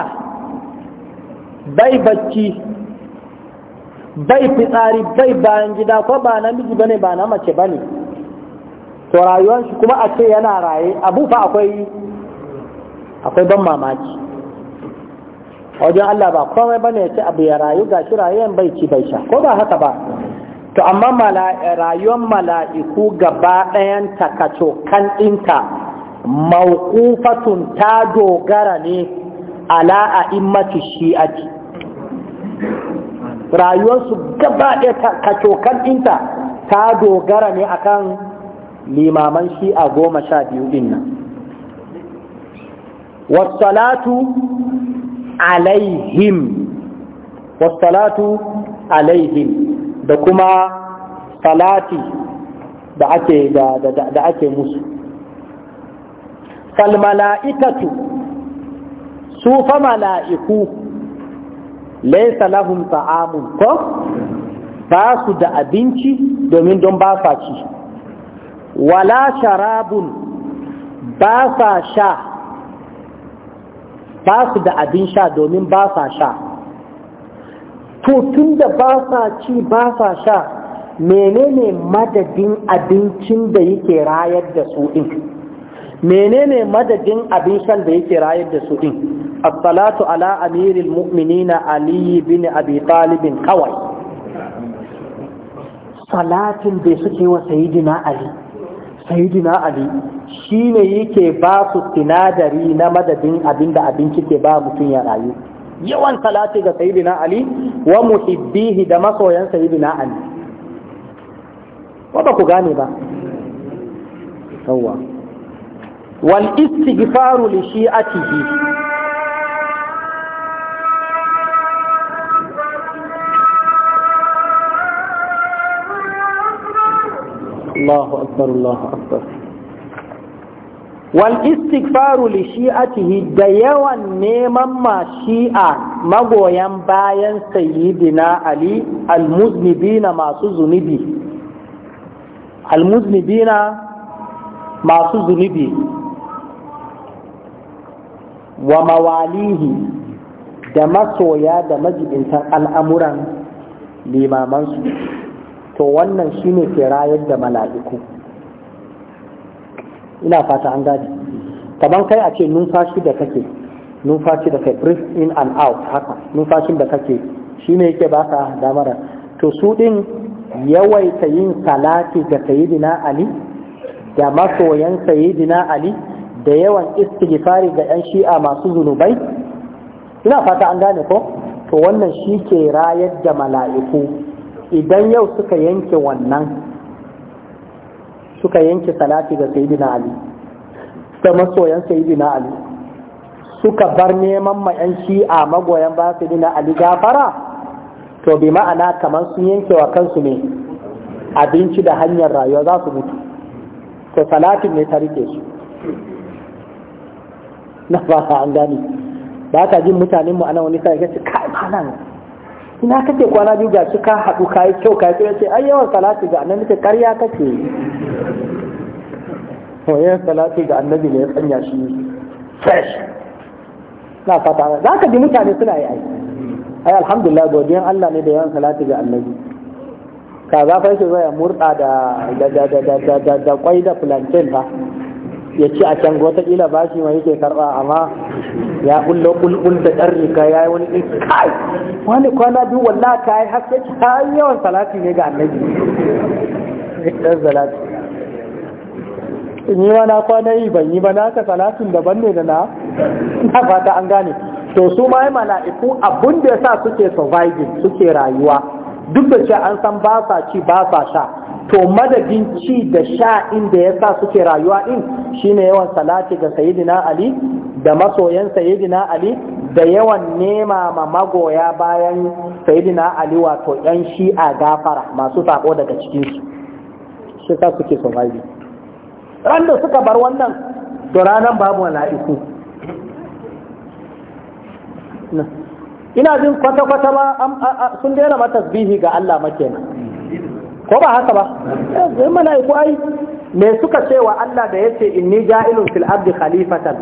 bai bacci bai fitsari bai bayan gida ko ba namiji bane ba na mace bane to rayuwar shi kuma a ce yana raye abu fa akwai akwai ban mamaki wajen Allah ba komai bane ya ce abu ya rayu ga shi rayuwar bai ci bai sha ko ba haka ba to amma rayuwar mala'iku gaba ɗayan takacokan ɗinta mawqufatun ta dogara ne ala a a'immati shi'ati rayuwarsu gaba ɗaya kacokan inta ta dogara ne akan limaman shi'a goma sha biyu ɗin nan wasalatu alaihim wasalatu alaihim da kuma salati da ake musu falmala'ikatu su fa mala'iku laisa lahum ta'amun ko ba su da abinci domin don ba sa ci wala sharabun ba sa sha ba su da abin sha domin ba sa sha to tun da ba sa ci ba sa sha menene madadin abincin da yake rayar da su ɗin menene madadin abin shan da yake rayar da su din as-salatu ala amiril mu'minina ali bin abi talib kawai salatin da suke wa sayyidina ali sayyidina ali shine yake ba su sinadari na madadin abin da abinci ke ba mutum ya rayu yawan salati ga sayyidina ali wa muhibbihi da masoyan sayyidina ali ba ku gane ba والاستغفار لشيعته الله أكبر الله أكبر والاستغفار لشيعته ديوا نيما ما شيعة مغويا باين سيدنا علي المذنبين ما سزنبي المذنبين ما سزنبي wa mawalihi da masoya da majibintan al'amuran limamansu to wannan ne ke rayar da mala'iku ina fata an gadi taban kai a ce numfashi da kake numfashi da kai breathe in and out haka numfashin da kake ne yake baka damara to su din yawaita yin salati ga sayidina ali da masoyan sayidina ali da yawan istighfari ga 'yan shi'a masu zunubai ina fata an gane ko to wannan shi ke rayar da mala'iku idan yau suka yanke wannan suka yanke salati ga na ali da masoyan na ali suka bar neman ma 'yan shi'a magoyan ba sayyidina ali gafara to bi ma'ana kamar sun yanke wa kansu ne abinci da hanyar rayuwa za su mutu to salatin ne ta rike su na fata an gani ba ka jin mutanenmu ana wani sa ya ce kai malam ina kake kwana biyu ga shi ka haɗu ka yi kyau ka yi kyau ce ayyawar ga annabi ce karya kake ga annabi ne ya sanya shi fresh na fata za ka ji mutane suna yi ai ai alhamdulillah godiyan Allah ne da yawan talatu ga annabi ka za fa yake zai murɗa da da da da da da kwai da da ba ya ci a can wataƙila ba shi mai ke karɓa amma ya kullo kulkul da ɗan rika ya yi wani kai wani kwana biyu walla ka yi haske ta yawan salati ne ga annabi ɗan salati ni ma na kwana yi ban yi ba na ka salatin daban ne da na na fata an gane to su ma yi mala'iku abun da ya sa suke surviving suke rayuwa duk da cewa an san ba sa ci ba sa sha to madadin ci da sha inda ya sa suke rayuwa din shine yawan salati ga sayidina ali da masoyan sayidina ali da yawan nema ma magoya bayan sayidina ali wato yan shi'a gafara masu sako daga cikinsu shi sa suke survive ran da suka bar wannan to ranar babu mala'iku ina jin kwata-kwata ma sun daina matasbihi ga Allah makenan ko ba haka ba sai eh, mala'iku ai me suka ce wa Allah da yace inni ja'ilun fil ardi khalifatan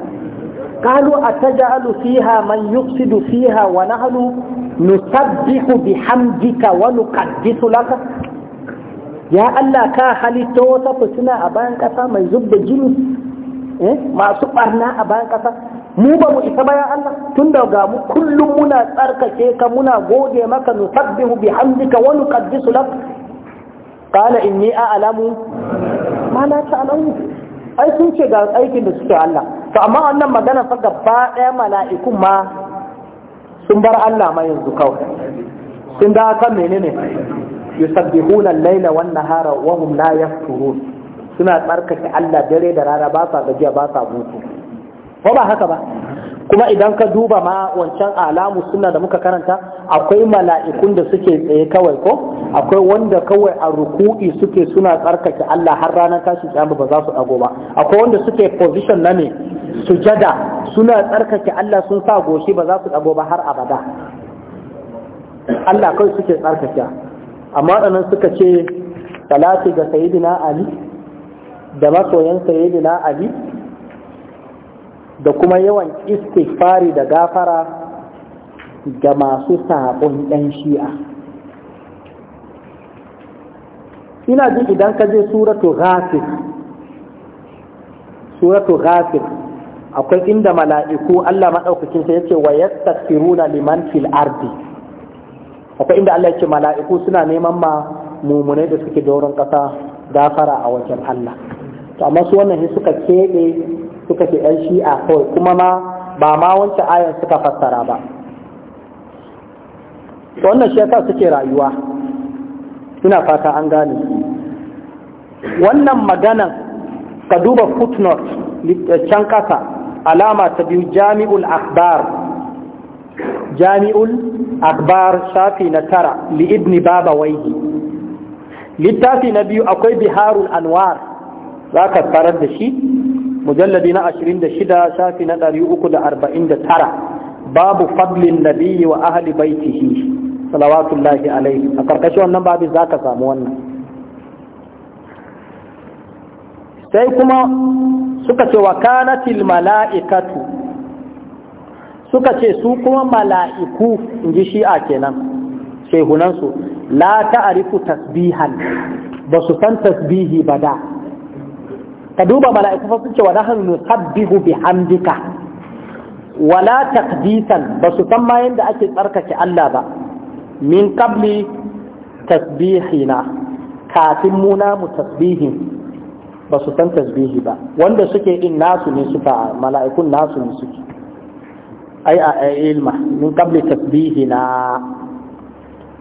qalu ataj'alu fiha man yufsidu fiha wa nahnu nusabbihu bihamdika wa nuqaddisu laka ya Allah ka halitta wata fitina a bayan kasa mai zubda jini eh masu barna a bayan kasa mu ba mu isa bayan Allah tun da ga mu kullum muna tsarkake ka muna gode maka nusabbihu bihamdika wa nuqaddisu laka in yi a'lamu ma la ta'lamu ai sun ce ga aikin da suke Allah to amma wannan magana fa gaba daya mala'ikun ma sun bar Allah ma yanzu kawai sun da kan menene yusabbihuna al-laila wan nahara wa hum la yafturun suna tsarkake Allah dare da rana ba sa gajiya ba sa hutu ko ba haka ba kuma idan ka duba ma wancan alamu suna da muka karanta akwai mala'ikun da suke tsaye kawai ko akwai wanda kawai a ruku'i suke suna tsarkake Allah har ranar tashi kiyama ba za su dago ba akwai wanda suke position na ne sujada suna tsarkake Allah sun sa goshi ba za su dago ba har abada Allah kawai suke tsarkake amma waɗannan suka ce salati ga sayyidina Ali da masoyan sayyidina Ali da kuma yawan istighfari da gafara ga masu saƙon ɗan shi'a ina ji idan ka je suratu ghafir suratu ghafir akwai inda mala'iku Allah maɗaukacin sai yake wa yastaghfiruna liman fil ardi akwai inda Allah yake mala'iku suna neman ma mummunai da suke doron ƙasa gafara a wajen Allah to amma su wannan suka keɓe suka ce ‘yan shi'a kawai kuma ma ba ma wance ayan suka fassara ba wannan shi yasa suke rayuwa ina fata an gane wannan maganan ka duba footnote can kasa alama ta biyu jami'ul akbar jami'ul akbar shafi na tara li ibni baba waihi littafi na biyu akwai biharul anwar za ka farar da shi mujalladi na 26 shafi na 349 babu fadlin nabiyyi wa ahli baitihi salawatullahi alaihi a karkashin wannan babin zaka samu wannan sai kuma suka ce wa kanatil mala'ikatu suka ce su kuma mala'iku in ji shi a kenan shehunansu la ta'arifu tasbihan ba su san tasbihi ba da ka duba mala'iku fa suke wa nahnu nusabbihu bihamdika wala taqdisan ba su san ma yanda ake tsarkake Allah ba min qabli tasbihina kafin muna mu tasbihin ba su san tasbihi ba wanda suke din nasu ne suka mala'ikun nasu ne suke ai a ilma min qabli tasbihina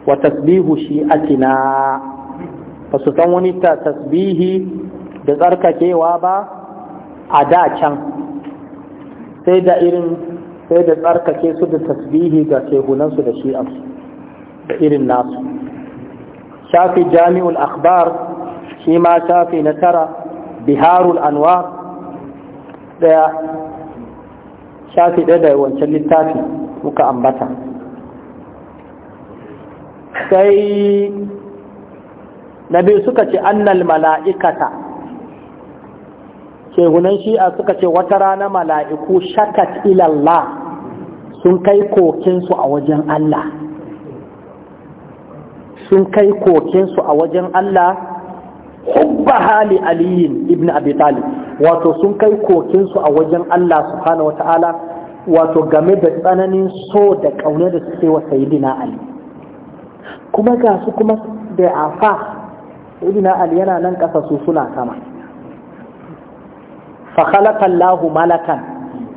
wa tasbihu shi'atina ba su san wani tasbihi da tsarkakewa ba a da can sai da irin sai da tsarkake su da tasbihi ga shehunansu da shi'ansu da irin nasu shafi jami'ul akbar shi ma shafi na tara biharul anwa daya shafi ɗaya da yawancin littafi muka ambata sai na biyu suka ce annal mala'ikata shehunan shi'a suka ce wata rana mala'iku shakat ilallah sun kai kokinsu a wajen Allah sun kai kokinsu a wajen Allah hubba hali aliyin ibn abi talib wato sun kai kokinsu a wajen Allah subhanahu wata'ala wato game da tsananin so da ƙaunar da suke wa sayidina ali kuma ga su kuma da afa sayidina ali yana nan ƙasa su suna sama fa khalaqa malakan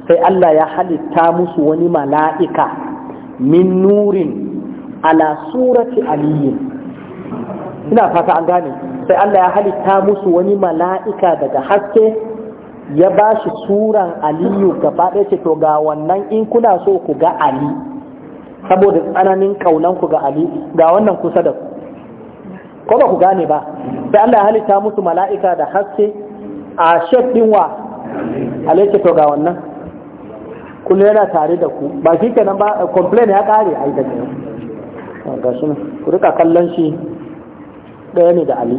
sai Allah ya halitta musu wani mala'ika min nurin ala surati aliyu, ina fata an gane sai Allah ya halitta musu wani mala'ika daga haske ya ba shi suran aliyu gaba ɗaya ce to ga wannan in kuna so ku ga ali saboda tsananin kaunan ku ga ali ga wannan kusa da ku ko ba ku gane ba sai Allah ya halitta musu mala'ika da haske a shef wa alaiki to ga wannan kullu yana tare da ku ba shi kenan ba complain ya kare ai da kenan ga shi ku rika kallon shi ɗaya ne da ali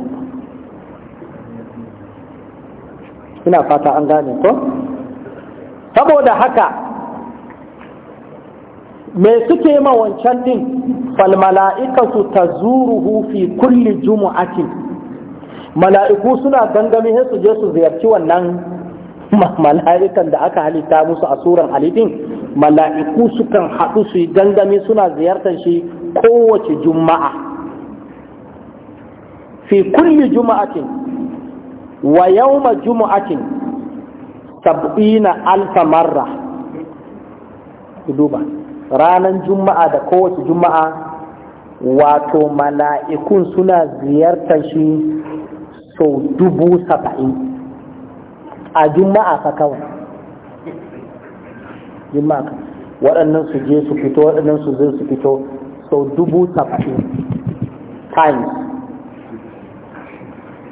ina fata an gane ko saboda haka me suke ma wancan din ta tazuruhu fi kulli jumu'atin mala'iku suna gangami su je su ziyarci wannan mala'ikan da aka halitta musu a suran alifin mala'iku sukan haɗu su yi gangami suna ziyartar shi kowace juma'a fi kulli juma'atin wa yawma juma'atin sab'ina alfa marra duba ranan juma'a da kowace juma'a wato mala'ikun suna ziyartar shi sau dubu saba'in a juma'a fa kawai juma'a waɗannan su je su fito waɗannan su zai su fito sau dubu saba'in times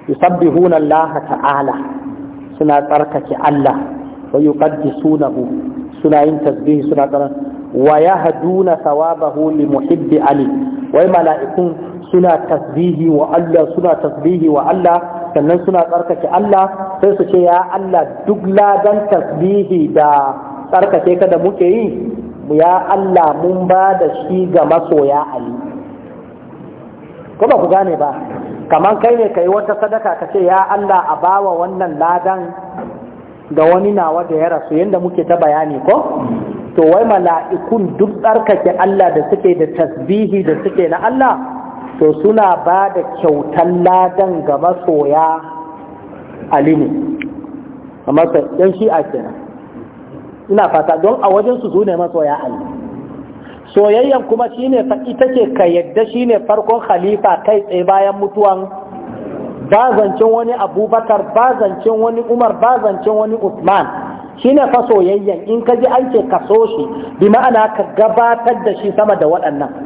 yusabbihuna Allah ta'ala suna tsarkake Allah wa yuqaddisunahu suna yin tasbihi suna tsara wa yahduna thawabahu li muhibbi ali wai mala'ikun suna tasbihi wa Allah sannan suna tsarkake Allah sai su ce ya Allah duk ladan tasbihi da tsarkake ka da muke yi ya Allah mun ba da shi ga masoya Ali ko ba ku gane ba kamar kai ne kai wata sadaka ka ce ya Allah a bawa wannan ladan ga wani nawa da ya rasu yadda muke ta bayani ko to wai mala'ikun duk tsarkake Allah da suke da tasbihi da suke na Allah to suna ba da kyautan ladan ga masoya alimu a matsayin shi a kira ina fata don a wajensu su ne masoya alimu soyayyan kuma shi ne ita ce ka yadda ne farkon khalifa kai tsaye bayan mutuwan ba zancen wani abubakar ba zancen wani umar ba zancen wani usman Shi ne fa soyayyan in ka ji an ce ka shi bi ma'ana ka gabatar da shi sama da waɗannan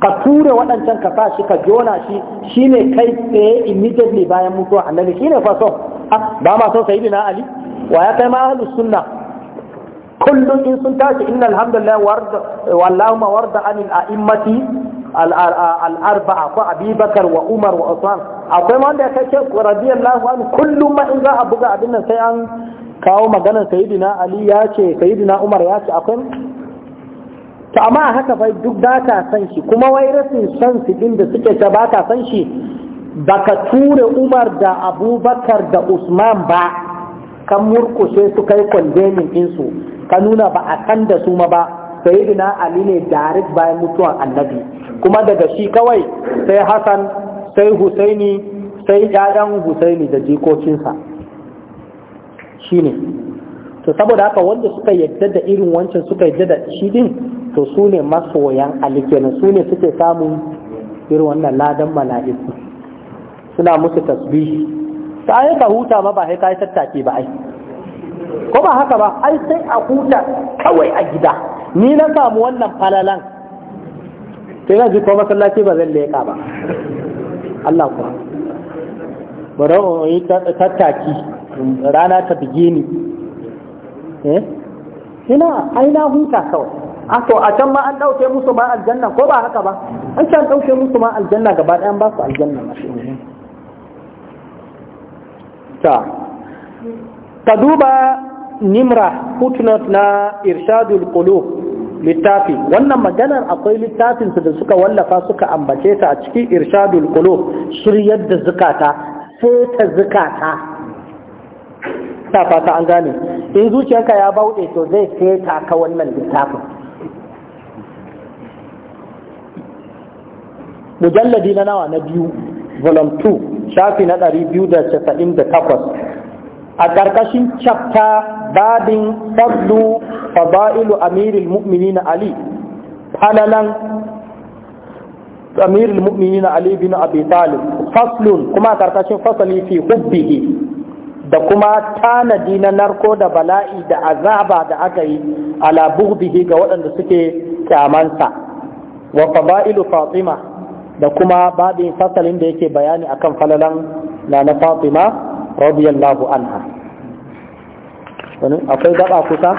ka ture waɗancan ka sa shi ka jona shi shi ne kai tsaye immediately bayan mutuwa annabi ne fa a ah, ba ma so na ali wa ya kai ma ahlus sunna kullum in sun tashi inna alhamdulillah warda ma warda anil a'immati al'arba'a ko abubakar wa umar wa usman akwai wanda ya kai radiyallahu anhu kullum ma in za a buga abin nan sai an kawo maganar sayidina ali ya ce sayidina umar ya ce akwai to amma haka fa duk ba ka san shi kuma wai rasin san su din da suke ta ba ka san shi baka ture Umar da Abubakar da Usman ba ka murkushe su kai kwandemin ɗinsu ka nuna ba a kan da su ma ba sayyidina Ali ne direct bayan mutuwan annabi kuma daga shi kawai sai Hassan sai Husaini sai ƴaƴan Husaini da jikokinsa shine to saboda haka wanda suka yadda da irin wancan suka yadda da shi din to su ne masoyan ali kenan su ne suke samun irin wannan ladan mala'iku suna musu tasbihi ta ai ka huta ma ba sai kai tattaki ba ai ko ba haka ba ai sai a huta kawai a gida ni na samu wannan falalan sai na ji ko masallaci ba zan leka ba Allah ku bari in yi tattaki rana ta bige ni eh ina ai na huta kawai a to a can ma an dauke musu ma aljanna ko ba haka ba an can dauke musu ma aljanna gaba ɗayan ba su aljanna ta ta duba nimra footnote na irshadul qulub littafi wannan maganar akwai littafin su da suka wallafa suka ambace ta a cikin irshadul qulub shiryar da zukata sai ta zukata ta fata an gane in zuciyarka ya bauɗe to zai feta ka wannan littafin mujalladi na nawa na biyu volume 2 shafi na 298 a ƙarƙashin chapter babin fadlu fada'ilu amirul mu'minin ali falalan amirul mu'minin ali bin abi talib faslun kuma a ƙarƙashin fasali fi hubbihi da kuma tanadi na narko da bala'i da azaba da aka yi ala bughdihi ga waɗanda suke kyamansa wa fada'ilu fatima da kuma babin fasalin da yake bayani akan falalan na na fatima radiyallahu anha akwai gaba kusa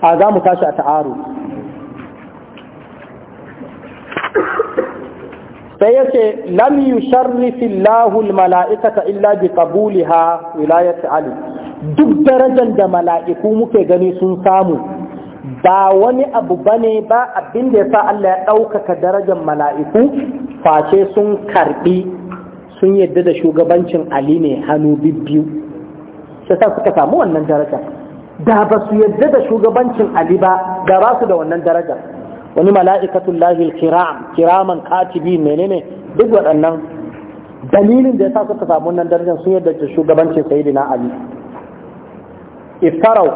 a za mu tashi a ta'aru sai ya ce lam yusharrifi Allahul mala'ikata illa bi ha wilayati Ali duk darajar da mala'iku muke gani sun samu ba wani abu bane ba abin da yasa Allah ya ɗaukaka darajar mala'iku face sun karbi sun yadda da shugabancin Ali ne hannu bibbiyu sai sa suka samu wannan daraja da ba su yadda da shugabancin Ali ba da ba su da wannan darajar wani mala'ikatun lahil kiram kiraman katibi menene duk waɗannan dalilin da ya sa suka samu nan darajar sun yadda shugabancin sayidina ali iftarau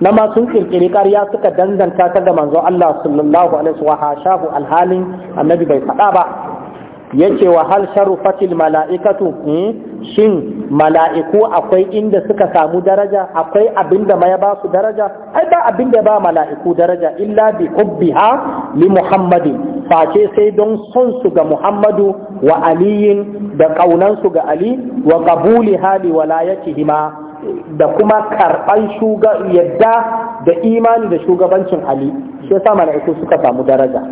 na masu sun kirkiri ƙarya suka danganta ta da manzo Allah sallallahu alaihi wa hashahu alhalin annabi bai faɗa ba yace wa hal sharufatil mala'ikatu hmm? shin mala'iku akwai inda suka samu daraja akwai abinda da ya ba su daraja ai ba abin da ba mala'iku daraja illa bi hubbiha li muhammadin face sai don son su ga muhammadu wa aliyin da kaunan su ga ali wa qabuli hali ma da kuma karban shuga yadda da imani da shugabancin ali shi yasa mala'iku suka samu daraja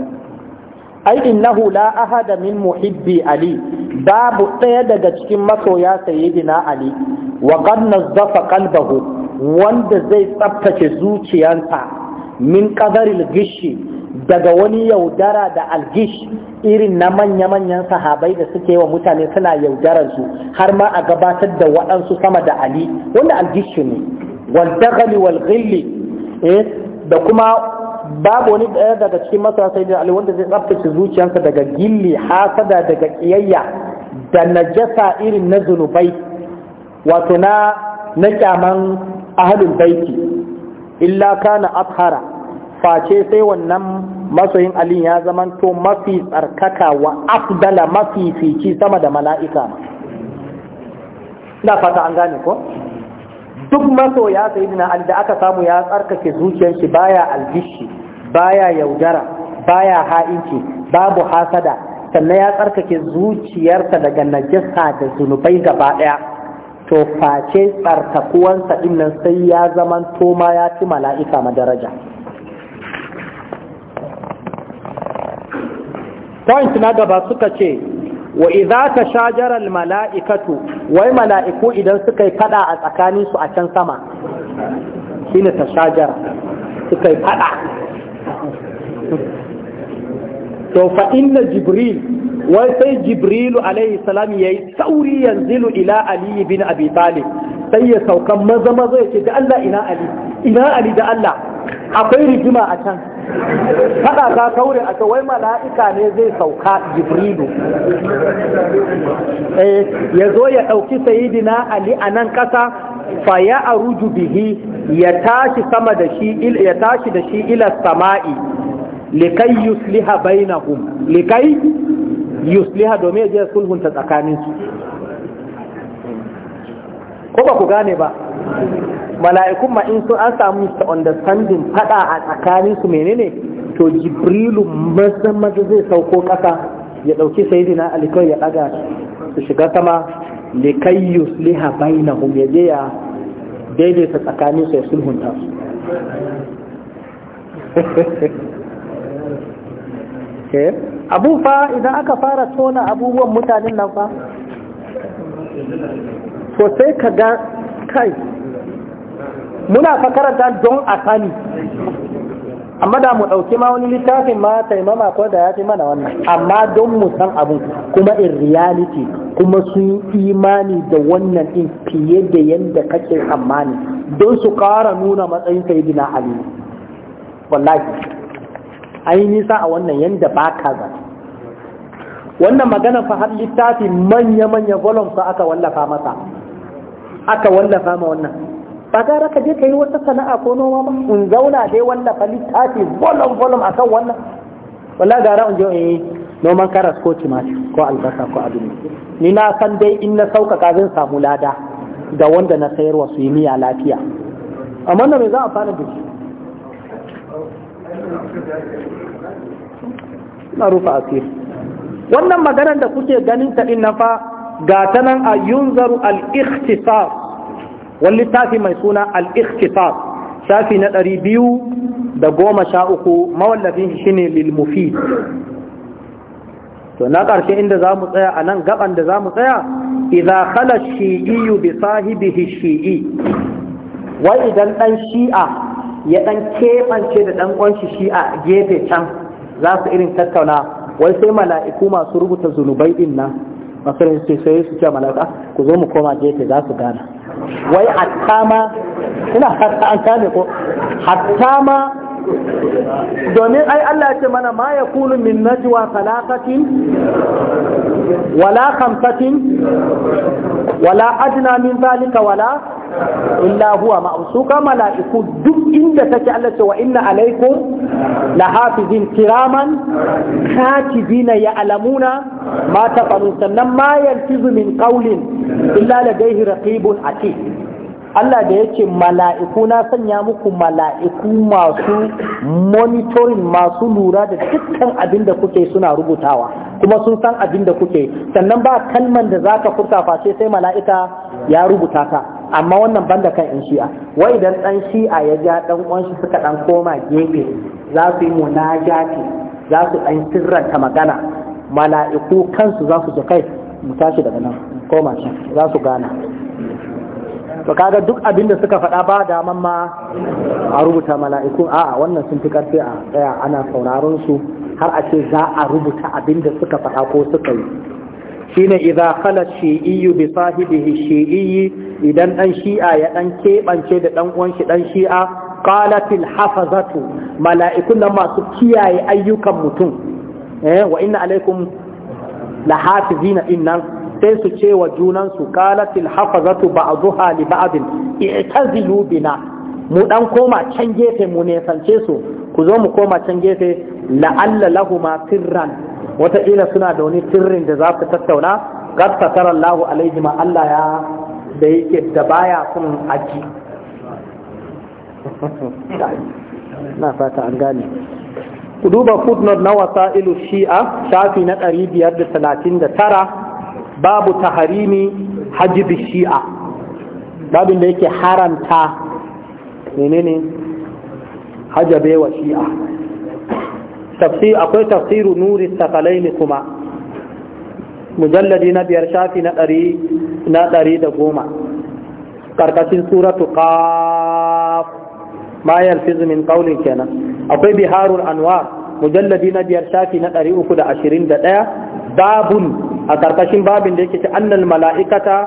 ai innahu la ahada min muhibbi ali babu ɗaya daga cikin masoya sayyidina ali wa qad nazzafa qalbahu wanda zai tsaftace zuciyarsa min qadaril gishi daga wani yaudara da algish irin na manya-manyan sahabai da suke wa mutane suna yaudarar su har ma a gabatar da waɗansu sama da ali wanda algishi ne wal dagali wal ghilli eh, da kuma babu wani daya daga cikin masa sai da ali wanda zai tsaftace zuciyarsa daga gilli hasada daga kiyayya da najasa irin na zunubai wato na na kyaman ahalin baiti illa kana athara face sai wannan masoyin ali ya zama to mafi tsarkaka wa afdala mafi fici sama da mala'ika ina fata an gane ko duk maso ya sayi ali da aka samu ya tsarkake zuciyar shi baya aljishi. baya yaudara baya ha'inci babu hasada sannan ya tsarkake zuciyarsa daga najasa da zunubai gaba ɗaya to face tsarkakuwansa dinnan sai ya zaman toma ya ci mala'ika madaraja point na gaba suka ce wa idza tashajara al mala'ikatu wai mala'iku idan suka yi fada a tsakaninsu a can sama shine shajara suka yi fada to fa inna jibril wai sai jibrilu alaihi salam yayi sauri yanzilu ila ali bin abi talib sai ya sauka maza maza yake da Allah ina ali ina ali da Allah akwai rigima a can fada ka kaure a wai mala'ika ne zai sauka jibrilu eh ya zo ya ɗauki sayidina ali a nan ƙasa fa ya aruju bihi ya tashi sama da shi ya tashi da shi ila sama'i likai yusliha bainahum likai yusliha domin ya sulhunta tsakaninsu ko ba ku gane ba mala'ikun ma in sun an samu understanding fada a tsakanin su menene to jibrilu maza maza zai sauko kasa ya dauki sayidina alikai ya daga su shiga sama likai yusliha bainahum ya je ya daidaita tsakanin sai sulhunta su eh? abu fa idan aka fara tona abubuwan mutanen nan fa to sai ka ga kai muna fa karanta don a sani amma da mu ɗauki ma wani littafin ma taimama ko da ya fi mana wannan amma don mu san abu kuma in reality kuma sun imani da wannan din fiye da yadda kake amani don su ƙara nuna matsayin sai dina ali wallahi ai nisa a wannan yadda ba ka zato wannan magana fa har littafin manya-manya volumes aka wallafa masa aka wallafa ma wannan ba gara ka je ka yi wata sana'a ko noma ba in zauna dai wanda fa littafi volum a akan wannan Wala gara in je in yi noman karas ko timati ko albasa ko abin ni na san dai in na sauƙaƙa zan samu lada da wanda na sayarwa su yi miya lafiya amma na me za a fara da shi na rufa asiri wannan maganar da kuke ganin ta din na fa ga ta nan a yunzaru al-ikhtisar wani littafi mai suna al-ikhtisar shafi na ɗari biyu da goma sha uku mawallafin shi shine lilmufi to na ƙarshe inda za mu tsaya a nan gaban da za mu tsaya idza khala shi'iyu bi sahibihi shi'i wai idan ɗan shi'a ya ɗan keɓance da ɗan ƙwanshi shi'a gefe can za su irin tattauna wai sai mala'iku masu rubuta zunubai ɗin nan masu rinsu sai su ce mala'ika ku zo mu koma gefe za su gana wai hatta ma ina hatta an kane ko hatta ma domin ai Allah ya ce mana ma ya kunu min najwa salatatin wala khamsatin wala adna min zalika wala illa huwa ma'suka mala'iku duk inda take Allah ce wa inna alaikum lahafizin kiraman katibina alamuna, ma tafalu sannan ma yalfizu min qawlin illa ladayhi raqibun atid Allah da yake mala'iku na sanya muku mala'iku masu monitoring masu lura da dukkan abin da kuke suna rubutawa kuma sun san abin da kuke sannan ba kalman da za ka furta face sai mala'ika ya rubuta ka amma wannan banda kan in shi'a wai idan dan shi'a ya ja dan uwan suka dan koma gefe za su yi munajati za su dan sirranta magana mala'iku kansu za su kai mu tashi daga nan koma shi za su gana to kaga duk abin da suka faɗa ba da mamma a rubuta mala'iku a wannan sun fi karfi a tsaya ana sauraron su har a ce za a rubuta abin da suka faɗa ko suka yi shine idza khala shi'iyyu bi sahibihi shi'iyyi idan dan shi'a ya dan kebance da dan uwan shi dan shi'a qalatil hafazatu mala'ikun nan masu kiyaye ayyukan mutum eh wa inna alaikum lahafizina innan sai su ce wa junansu qalatil hafazatu ba'dhuha li ba'din i'tazilu bina mu dan koma can gefe mu ne sance su ku zo mu koma can gefe la'alla lahuma sirran wataƙila suna da wani sirrin da za su tattauna qad satara Allahu ma Allah ya da yake da baya kun aji na fata an gane ku duba footnote na wasa'ilu shi'a shafi na 539 babu taharimi hajibi shi'a babin da yake haramta menene hajabe wa shi'a tafsir akwai tafsiru nuri sakalaini kuma mujalladi na biyar shafi na ɗari na ɗari da goma ƙarƙashin suratu qaf mayar yalfizu ƙaunin kenan akwai biharul anwar mujalladi na biyar shafi na ɗari uku da ashirin da ɗaya babun a karkashin babin da yake ce annal mala'ikata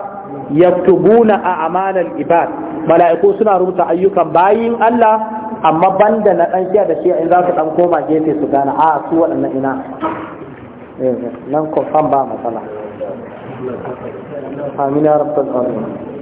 yaktubuna a amanar ibad mala'iku suna rubuta ayyukan bayin Allah amma banda na ɗan shiya da shiya in za su ɗan koma gefe su gana a su waɗannan ina eh, nan kofan ba matsala amin ya rabbal alamin